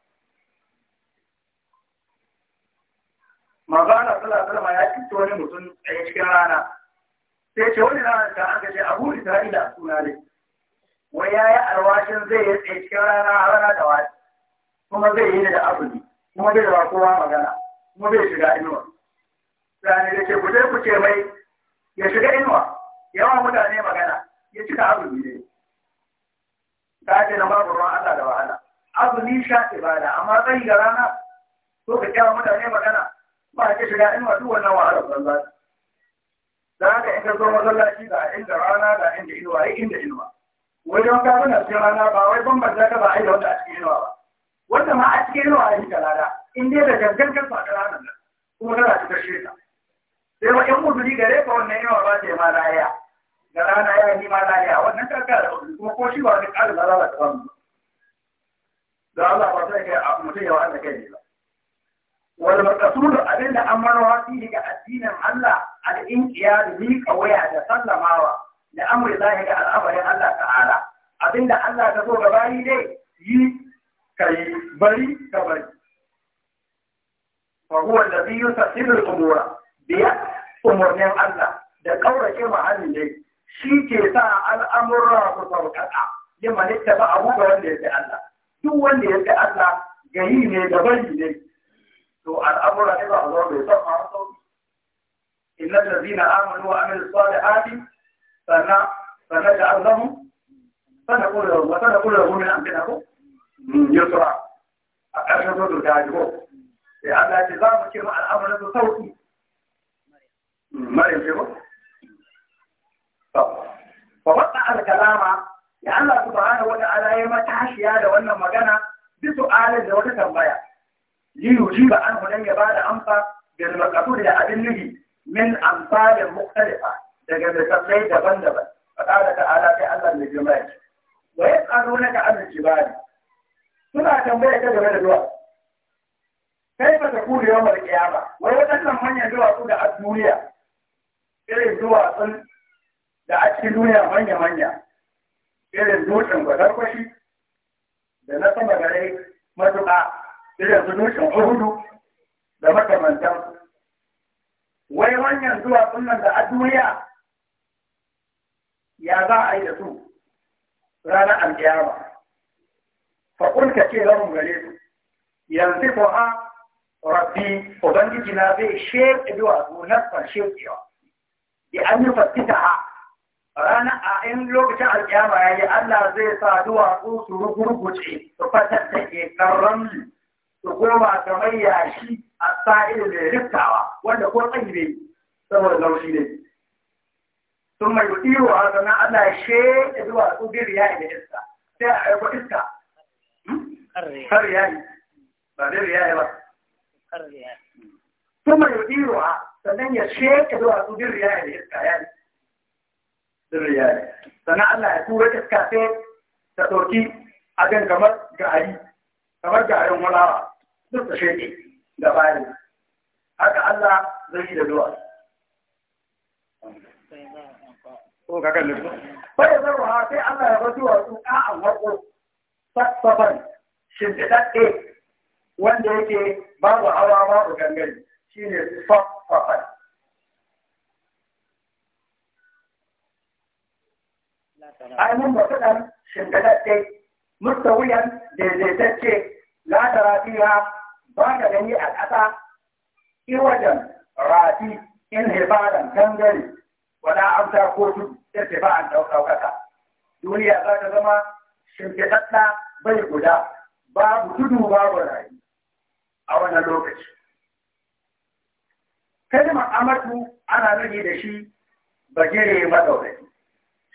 manzo Allah sallallahu ya ya kinta wani mutum a cikin rana sai ce wani rana ta aka ce Abu Isra'ila suna ne wai yi alwashin zai yi tsaye cikin rana a rana da wani kuma zai yi da azumi kuma zai ba kowa magana kuma zai shiga inuwa sani da ce kuce-kuce ku ce mai ya shiga inuwa yawan mutane magana ya cika azumi ne ta ce na babu ruwan Allah da wahala azumi sha ibada amma sai ga rana to ka kyawa mutane magana ba ka shiga in wa duk wannan wahalar banza da haka in ka zo masallaci ga inda rana da inda inuwa yi inda inuwa wajen ka muna cikin rana ba wai bambanta ka ba a yi da wanda a cikin inuwa ba wanda ma a cikin inuwa yi ka lada in dai da gangan ka faɗi ranar nan kuma kana cikin ta. sai ba in mutuni gare ka wannan inuwa ba ta yi ma raya. ga rana ya yi ma lafiya wannan kaga kuma ko shi ba wani ƙarin lalata ba mu da Allah ba zai kai a mutum ya wa'anda kai ne ba Wani wal maqsud abin da amara wa fihi ga addinin Allah al inqiyad bi waya da sallamawa da amri lahi ga al'amarin Allah ta'ala abin da Allah ta zo gaba yi dai yi kai bari ka bari fa da biyu yusaffiru al-umura bi umarnin Allah da ƙaurace mahallin dai shi ke sa al'amurra ku sauƙaƙa ya malitta ba abu ga wanda ya fi Allah duk wanda ya fi Allah gayi ne da yi ne to al'amurra ne ba a zo bai son a sauƙi inna allazina amanu wa amilu salihati sana sana ta allahu sana kula wa sana kullu min amrina ko yusra a ƙarshen zo da ya ko sai Allah ya ce za mu kira ma al'amurra sauƙi Maryam ce Ba wata alkalama ya Allah su ba da wani alayi matashiya da wannan magana bisu alin da wata tambaya. Yi yuji ba an hunan ya bada amsa bil maqsud da abin nuhi min da mukhtalifa daga misalai daban-daban. Fa qala ta'ala sai Allah ne jama'a. Wa amince ba ne? suna tambaya ta game da duwa. Kai ba ta kuri yawan kiyama, wai waɗannan manyan duwatsu da a duniya, irin duwatsun da a cikin duniya manya-manya irin dutsen gwadarkwashi da na sama gare matuƙa irin su dutsen hudu da makamantan wai wanyan zuwa sunan da a duniya ya za a yi da su ranar alƙiyama faƙulka ce lamun gare su yanzu ko a rabbi ubangiji na zai shirya duwatsu zuwa farshe cewa ya an yi fasita ha rana a in lokacin alƙiyama ya yi Allah zai sa duwatsu su rugurguce su fatar da ke karran su goma kamar yashi a sa'il mai riftawa wanda ko tsayi ne saboda laushi ne sun mai iyo a sannan Allah ya sheƙe duwatsu ya yi da iska sai a aiko iska har hmm? ya yi ba ya yi ba sun mai iyo a sannan ya sheƙe duwatsu ya yi da iska ya yi Sana sannan Allah ya tura iska sai ta a abin kamar gari kamar garin walawa duk da sheƙi da bayan haka Allah zai yi da zuwa ko kakan nufi bai zarwa ha sai Allah ya bar duwatsu ƙa'an harko sassafan shimfiɗaɗɗe wanda yake babu hawa babu gangare shine sassafan ainihin matuɗan shimfiɗaɗɗe mustawiyan daidaitacce la da rafiya ba da gani a ƙasa iwajen rafi in hibaran gangare wala amsa ko tudu yadda ba an ɗaukaka duniya za ta zama shimfiɗaɗɗa bai guda babu tudu babu rayu a wannan lokaci kalimar amatu ana nuni da shi bagire maɗaukaki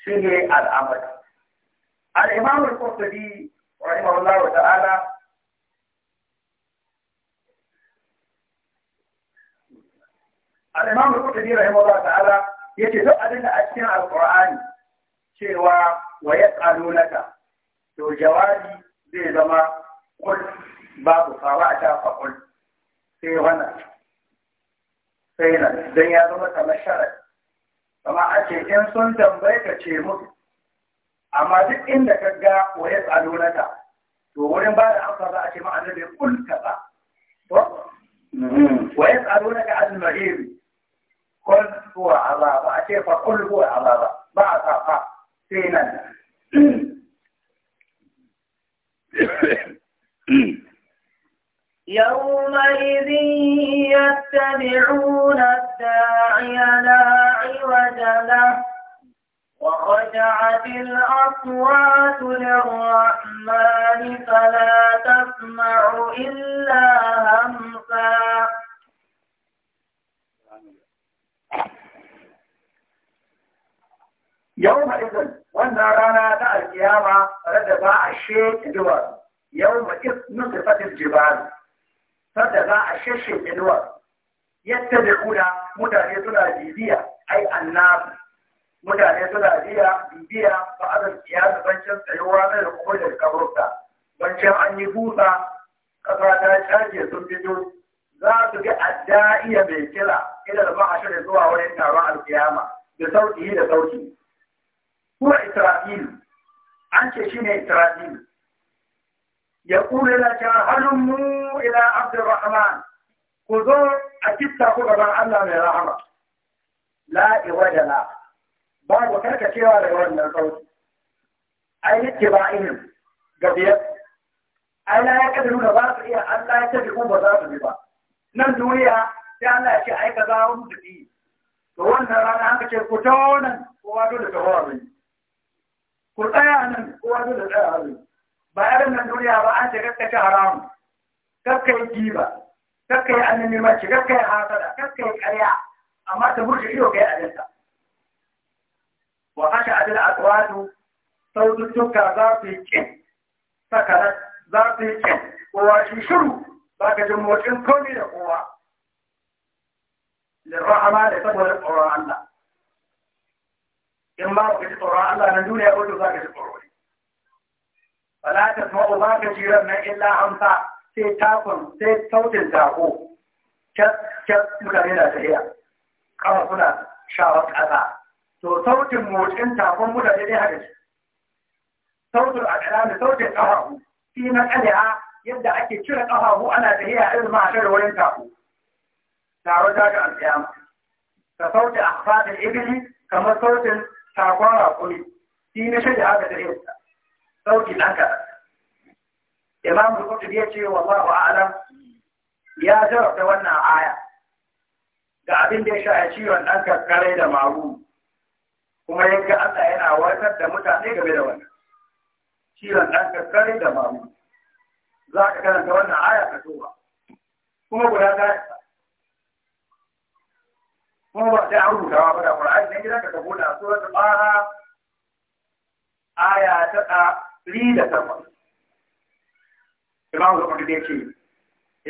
shi ne al'amari. Al'imamul Kurtubi, rahimahullah wa ta'ala, al'imamul Kurtubi, rahimahullah wa ta'ala, ya ce abin da a cikin al'ur'ani cewa wa ya tsalonaka, to jawabi zai zama kul babu fawa a shafa kul sai wannan sai nan don ya zama kamar sharadi kama a ce in sun tambaye ka ce mutu amma duk inda ka ga waye tsalo na ta to wurin ba da amsa za a ce hmm. ya kulka ba to waye tsalo na ka almahiri kun huwa azaba a ce fa kun huwa azaba ba a safa sai nan hmm. hmm. يومئذ يتبعون الداعي لا عوج له وخشعت الأصوات للرحمن فلا تسمع إلا همسا يومئذ رانا دع القيامة رد باع الشيء دور يوم إذ نصفت الجبال sanda za a shashe inuwar yadda da kuna mutane suna bibiya ai annabi mutane suna biya bibiya ba a ya da bancin tsayuwa na da kuma da kaburta bancin an yi busa kasa ta caje sun fito za su ga adda'iya mai kira ina da da zuwa wani taron alkiyama da sauki da sauki kuma isra'ilu an ce shi ne isra'ilu يقول لك هلموا إلى عبد الرحمن خذوا أجبت قدر الله من الرحمة لا إرادة لا بعض وكانك كيوا من الصوت أي اتباعهم قضية أي لا يكذلون باطل إيه أن لا يتبعون بذات ببا نم دوليا يا الله يا شيخ أي كذا ومدقي فوانا رانا عنك شيء كتونا وادو لك هو مني كتانا هو لك هو مني ba irin nan duniya ba an ce gaskace haramun gaskai giba gaskai annabi mace gaskai hasada gaskai ƙarya amma ta burge ido kai adalta wa kasha adal aqwatu saututtuka za su yi kin sakarat za su yi kin kowa shi shiru ba ka jin motsin komai da kowa lirrahama da saboda tsoron Allah in ba ka ji tsoron Allah na duniya ko za ka ji tsoro فلا تسمعها كثيرا ما إلا أنفع sai takon sai sautin tako kyas mutane na tafiya kawai suna shawar ƙasa to sautin motsin takon mutane ne haka ce sautin akala da sautin ƙafafu shi na ƙali'a yadda ake cire ƙafafu ana tafiya irin matar wurin tako taron daga alƙiyama ka sautin akfadin ibili kamar sautin takon rakuni shi na shirya haka tafiyarsa sauki haka imam Bukutu ya ce wa wallahu a'lam ya jarabta wannan aya ga abin da ya sha a ciwon ɗan kakkare da maru kuma ya ga Allah yana warkar da mutane game da wannan ciwon ɗan kakkare da maru za ka karanta wannan aya ka ba. kuma guda ta kuma ba sai an rutawa ba da Qur'ani ne gidan ka ta buɗa suratul Baha aya ta biyu da takwas imamu kuma da ce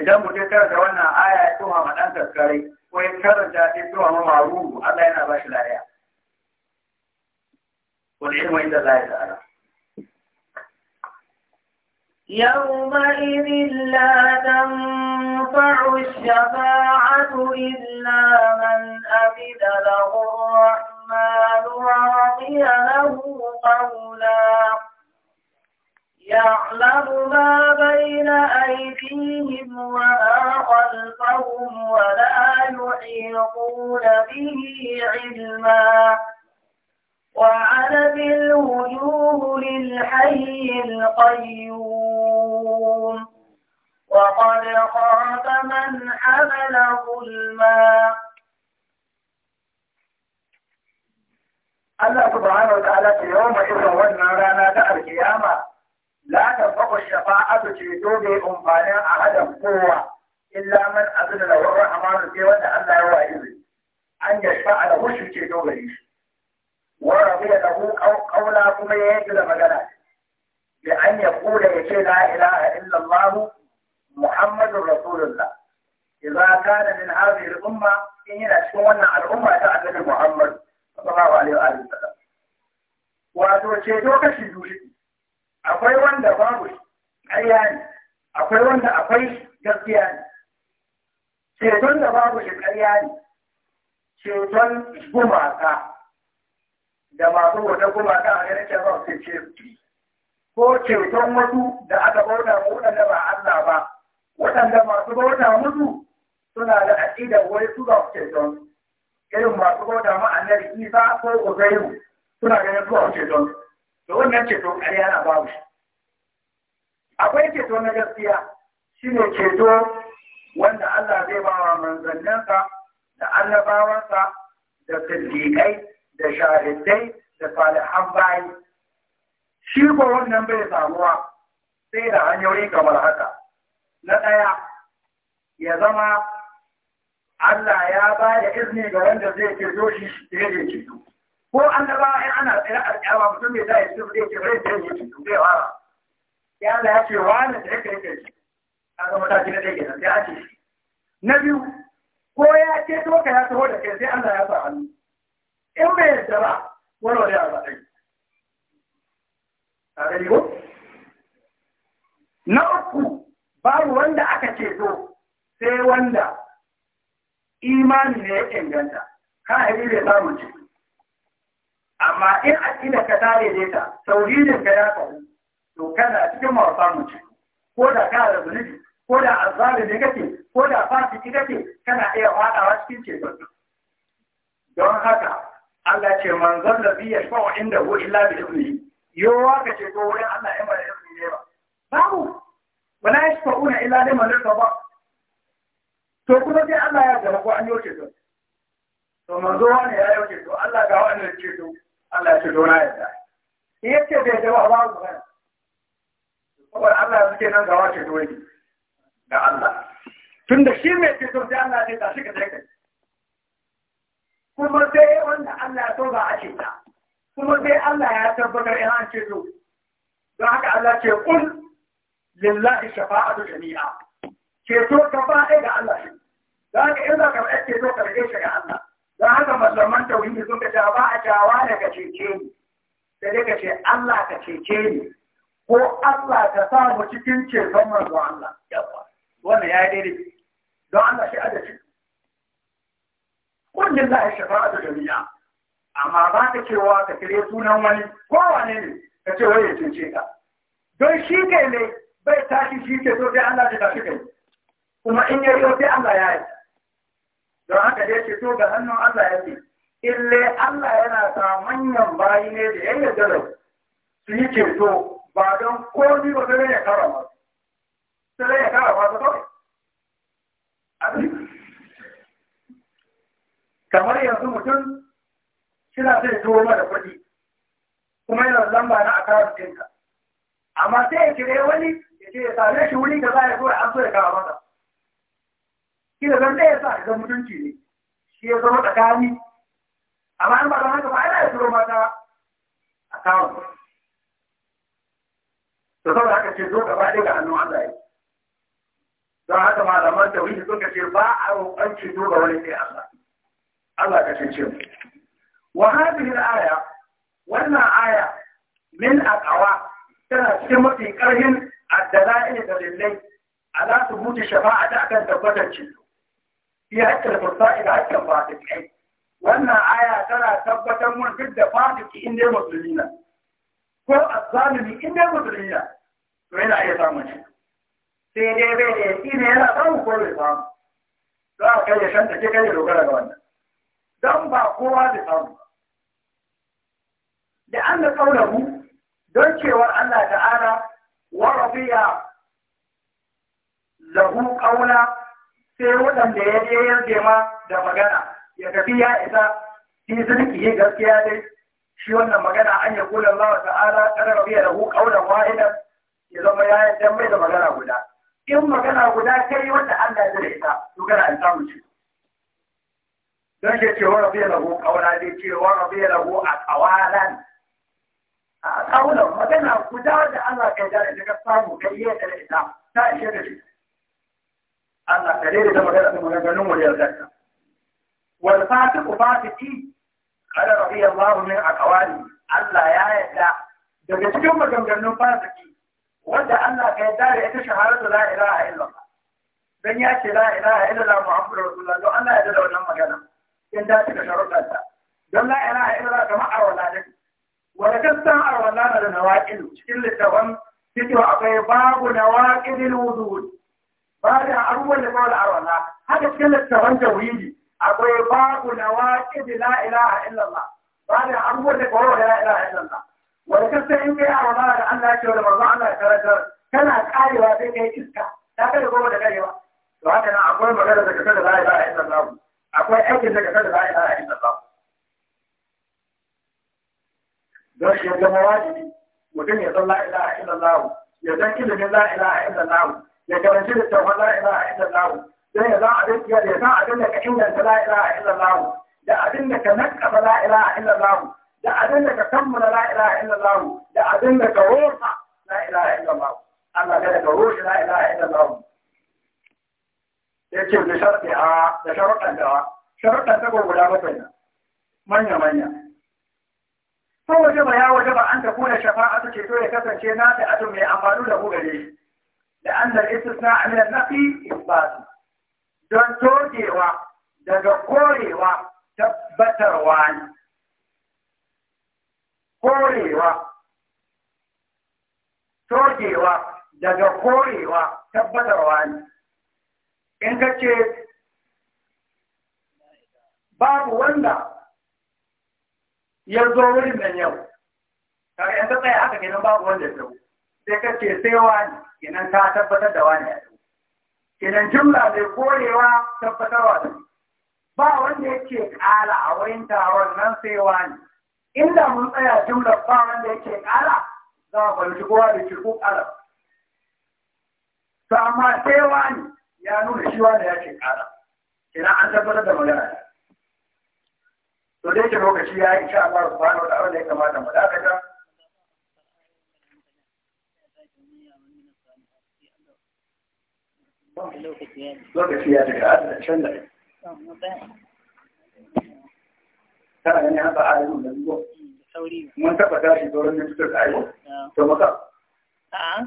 idan mutum karanta wannan aya ya tuha ma ɗan kaskare ko ya karanta ya tuha ma maruru Allah yana ba shi lariya wani ilmu inda Allah ya ta'ala يومئذ لا تنفع الشفاعة إلا من أبد له الرحمن ورضي له قولا يعلم ما بين أيديهم وما خلفهم ولا يحيطون به علما وعلم الوجوه للحي القيوم وقد خاب من حمل ظلما الله سبحانه وتعالى في يوم yau mai irin wannan rana la ta faɓa shafa'atu ceto bai amfanin a hadan kowa illa man azina da wurin amanu sai wanda Allah ya wa izini an ya shafa da hushu ceto gare shi wa rabiya da hu kaula kuma ya yi da magana bi an ya kula ya ce la ilaha illallah muhammadur rasulullah idza kana min hadhihi al-umma in yana cikin wannan al'umma ta annabi muhammad sallallahu alaihi wa sallam wato ceto kashi biyu akwai wanda babu ƙarya ne akwai wanda akwai gaskiya ne ceton da babu shi ƙarya ne ceton gumaka da masu wata gumaka a ganin cewa su ce ko ceton wasu da aka bauta mu waɗanda ba Allah ba waɗanda masu bauta musu suna da aƙidar wai su ba su ceton irin masu bauta ma'anar annabi Isa ko Uzairu suna ganin su ba su ceton Da wannan ceto ƙarya na babu shi akwai ceto na gaskiya shi ne ceto wanda Allah zai ba wa manzanninsa da annabawansa da siddiƙai da shahidai da salihan bayi shi ko wannan bai samuwa sai da hanyoyi kamar haka na ɗaya ya zama Allah ya ba da izini ga wanda zai ceto shi da ya ceto ko an da ba in ana tsira a kyawa mutum bai da ya ce zai ce bai zai yi cikin bai wara ya da ya ce wani da yake kai shi a ga mataki na dai kenan sai a ce shi na biyu ko ya ce to ka ya taho da kai sai Allah ya sa hannu in bai yarda ba wani wani a zaɓe a gani ko na uku babu wanda aka ce to sai wanda imani ne ya inganta ka hajji bai samun ciki amma in aƙida ka ta daidaita tauhidin ka ya faru. to kana cikin masu samun ko da ka da zunubi ko da azzari ne kake ko da fasiki kake kana iya faɗawa cikin ceton don haka Allah ce manzon da biya ko inda ko illa bi ibni yowa ka ce ko wurin Allah in ba da ibni ne ba babu wala yashfa'una illa liman ba to kuma sai Allah ya zama ko an yi ceton to manzo wani ya yauke to Allah ga wani ya ce to Allah ya ce to na yadda shi ya ce bai jama'a ba mu gani saboda Allah ya suke nan ga wace to yake da Allah tun da shi mai ce to sai Allah ya ce ta shi ka kai kuma sai wanda Allah ya so ba a ce ta kuma sai Allah ya tabbatar in an ce to don haka Allah ce kul lillahi shafa'atu jami'a ceto gaba ɗaya ga Allah shi don haka in za ka ba ceto karɓe shi ga Allah don haka musulman tauhidi suka ka ba a cewa da ka cece ni sai dai ka ce Allah ka cece ni ko Allah ka sa mu cikin ceton manzo Allah yawa wannan ya yi daidai don Allah shi adalci kullum za a shafa da jami'a amma ba ka cewa ka kire sunan wani kowane ne ka ce wai ya cece ka don shi kai ne bai tashi shi ke so sai Allah ya tashi kai kuma in yayi sai Allah ya yi don haka dai to ga hannun Allah ya ce. ille Allah yana sa manyan bayi ne da yayin da su yi ceto ba don komi ba sai ya ba. sai ya ba ta kawai kamar yanzu mutum suna zai tuwo da kuɗi kuma yana lamba na akawun ɗinka amma sai ya kire wani ya ce ya same shi wuri ka za ya zo ya an so ya kawo masa kila zan ɗaya sa ga mutunci ne shi ya zama tsakani amma an ba da haka ba ana ya turo mata a kawon to saboda haka ce zo gaba ɗaya ga hannun Allah ya don haka malaman tauhidi suka ce ba a roƙon ceto ga wani sai Allah Allah ka cece mu wa hadhihi al-aya wannan aya min aqwa tana cikin mafi karhin ad-dalail da lillai ala thubuti shafa'ati akan tabbatar ceto fi hakkar fursa ila hakkar fasikai wannan aya tana tabbatar mun duk da fasiki in musulmi na ko azzalimi in dai musulmi na to yana iya samun shi sai dai bai da yaki ne yana samu ko bai samu za a kai ya shanta ke kai ya wannan ba kowa da samu don cewar Allah ta'ala wa rabiya lahu ƙauna. sai waɗanda ya je yanke ma da magana ya tafi ya isa shi zirki gaskiya dai shi wannan magana an yi kula Allah ta'ala kada rabiya da hu kaulan wahidan ya zama ya dan mai da magana guda in magana guda yi wanda Allah ya ita to kana an samu ci don ke cewa rabi da rahu kaula dai cewa rabi da rahu a kawalan a kaulan magana guda da Allah kai da ka samu kai yadda da ita ta ishe da shi Allah ka daidai da magana da maganganun mu da yardarka wal fatiqu fatiqi qala radiyallahu min a aqwali Allah ya yarda daga cikin maganganun ki. wanda Allah ka yarda da ita shahadatu la ilaha illallah dan ya ce la ilaha illallah muhammadur rasulullah don Allah ya yarda da wannan magana in da ta sharuɗan ta don la ilaha illallah kamar arwala ne wanda kan san arwala da nawaƙin cikin littafin fito akwai babu nawaqil wudu bayan abubuwan da mawala arwala haka cikin littattafan tauhidi akwai babu na waƙi da la ilaha illallah bayan abubuwan da kawai la ilaha illallah wani kasa in kai arwala da Allah ya ce wani manzo Allah ya karanta kana karewa sai kai iska ta kai goma da karewa to haka nan akwai magana da kasa da la ilaha illallah akwai aikin da kasa da la ilaha illallah don shi ya zama wajibi mutum ya san la ilaha illallah ya san ilimin la ilaha illallah ya karanci da tawhid la ilaha illallah sai ya za a dinka ya za a dinka inganta la ilaha illallah da abin da ka nakaba la ilaha illallah da abin da ka kammala la ilaha illallah da abin da ka roƙa la ilaha illallah Allah kada ka roƙi la ilaha illallah yace da sharti a da sharuɗan da sharuɗan da guda bakwai manya manya ko waje ba ya waje ba an ta kuna shafa'a take to ya kasance na da atu mai amfani da ku gare shi لأن الاستثناء من النفي إثبات دون توجيوا دون كوريوا تبتروان كوريوا توجيوا daga korewa tabbatarwa ne in ka ce babu wanda ya zo wurin nan yau kaga in ka tsaya haka kenan babu wanda ya zo sai ka ce sai wani kenan ka tabbatar da wani ya ɗau kenan jumla mai korewa tabbatarwa da ba wanda yake ƙala a wayin taron nan sai wani inda mun tsaya jumla ba wanda yake ƙala za a fahimci kowa da shi kala to amma sai wani ya nuna shi wani ya ce ƙala kenan an tabbatar da magana to da yake lokaci ya yi sha Allah subhanahu wa ta'ala ya kamata mu dakata lokaci ya daga a shan da ta ne haka a yi mun da mun taba tashi sauran da suka ayo to maka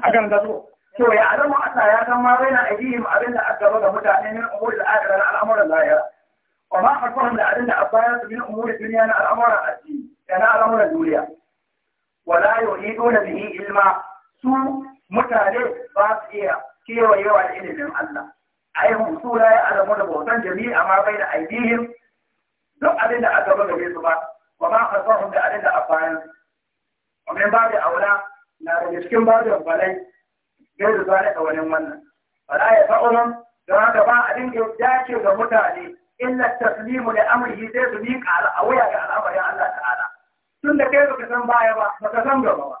a kan da so to ya adamu Allah ya san ma baina aidihim abin da aka ga mutane ne umuri da akhirah na al'amuran lahira wa ma khalfahum da abin da abaya su min umuri dunya na al'amuran addini kana al'amuran duniya wala yuhiduna bihi ilma su mutane ba su iya yawa da ilimin Allah ai husula ya alamu da bautan jami'a amma bai da aidihim duk abin da aka gaba su ba wa ma khasahum da abin da a bayan wa min babu aula na da cikin babu balai gai da zalika da wani wannan wala ya fa'ulun don haka ba abin da ya dace ga mutane illa taslimu da amrihi sai su miƙa al'awuya ga al'amarin Allah ta'ala tun da kai baka san baya ba baka san gaba ba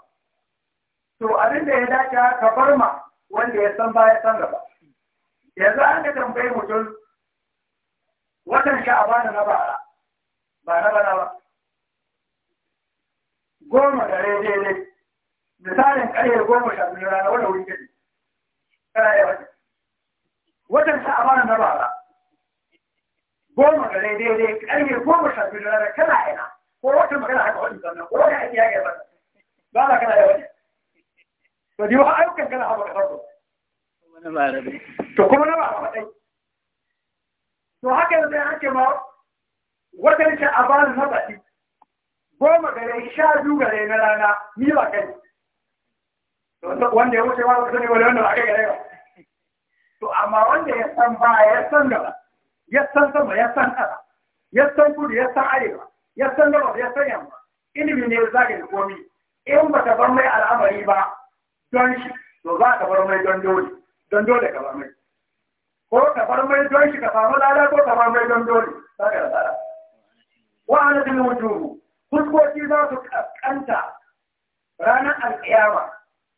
to abin da ya dace ka bar ma wanda ya san baya san gaba yanzu an ka tambayi mutum watan sha'abana na bara ba na bana ba goma da daidai misalin ƙarfe goma sha biyu rana wanda wuri gani kana yi wata watan sha'abana na bara goma da daidai ƙarfe goma sha biyu rana kana ina ko wata magana haka wani sannan ko wani aiki ya gaba ba ba kana yi wata to ji ba ayyukan kana haɓa ƙasar ku to kuma na ba a faɗai to haka yanzu an ce ma watan sha'aban na baɗi goma gare sha biyu gare na rana ni ba kai wanda ya wuce ma ba sani wani wanda ba kai gare ba to amma wanda ya san ba ya san gaba ya san sama ya san ƙasa ya san kudu ya san arewa ya san da ya san yamma ilimi ne zagaye komi in ba ta ban mai al'amari ba don shi to za ka bar mai don dole don dole ka bar mai ko ka bar mai don shi ka samu lada ko ka bar mai don dole za ka lada wa ana bin wujuhu fuskoki za su kaskanta ranar alƙiyama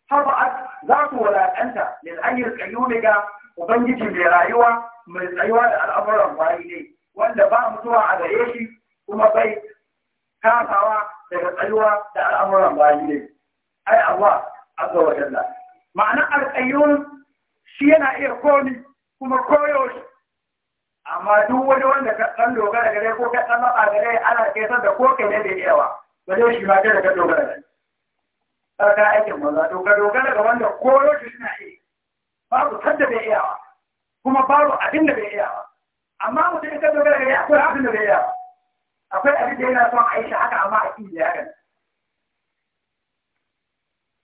haba'at za su wulaƙanta lil ayyul qayyum ga ubangiji mai rayuwa mai tsayuwa da al'amuran bayi ne wanda ba mutuwa a gare shi kuma bai kafawa daga tsayuwa da al'amuran bayi ne ai Allah azza wa ma'ana alƙayyun shi yana iya komi kuma koyo shi. amma duk wani wanda ka san dogara gare ko ka san matsa gare ana kesar da ko kai ne da yawa ba zai shi ma kai da ka dogara gare sarka aikin maza to ka dogara ga wanda koyo shi suna iya babu sadda bai iyawa kuma babu abin da bai iyawa amma mutum ka dogara gare akwai abin da bai iyawa akwai abin da yana son aisha haka amma a kiyaye haka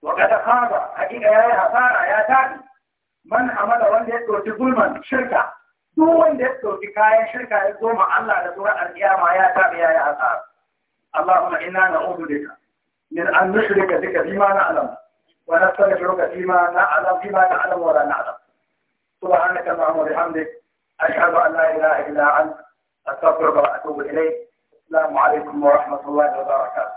وقد خاب حقيقة يا خسارة يا تاني من عمل وند يدوتي ظلما شركة دو وند يدوتي كاين شركة يقوم الله لسورة القيامة يا تاني يا خسارة اللهم إنا نعوذ بك من أن نشرك بك فيما نعلم ونستغفرك فيما نعلم فيما تعلم ولا نعلم سبحانك اللهم وبحمدك أشهد أن لا إله إلا أنت أستغفرك وأتوب إليك السلام عليكم ورحمة الله وبركاته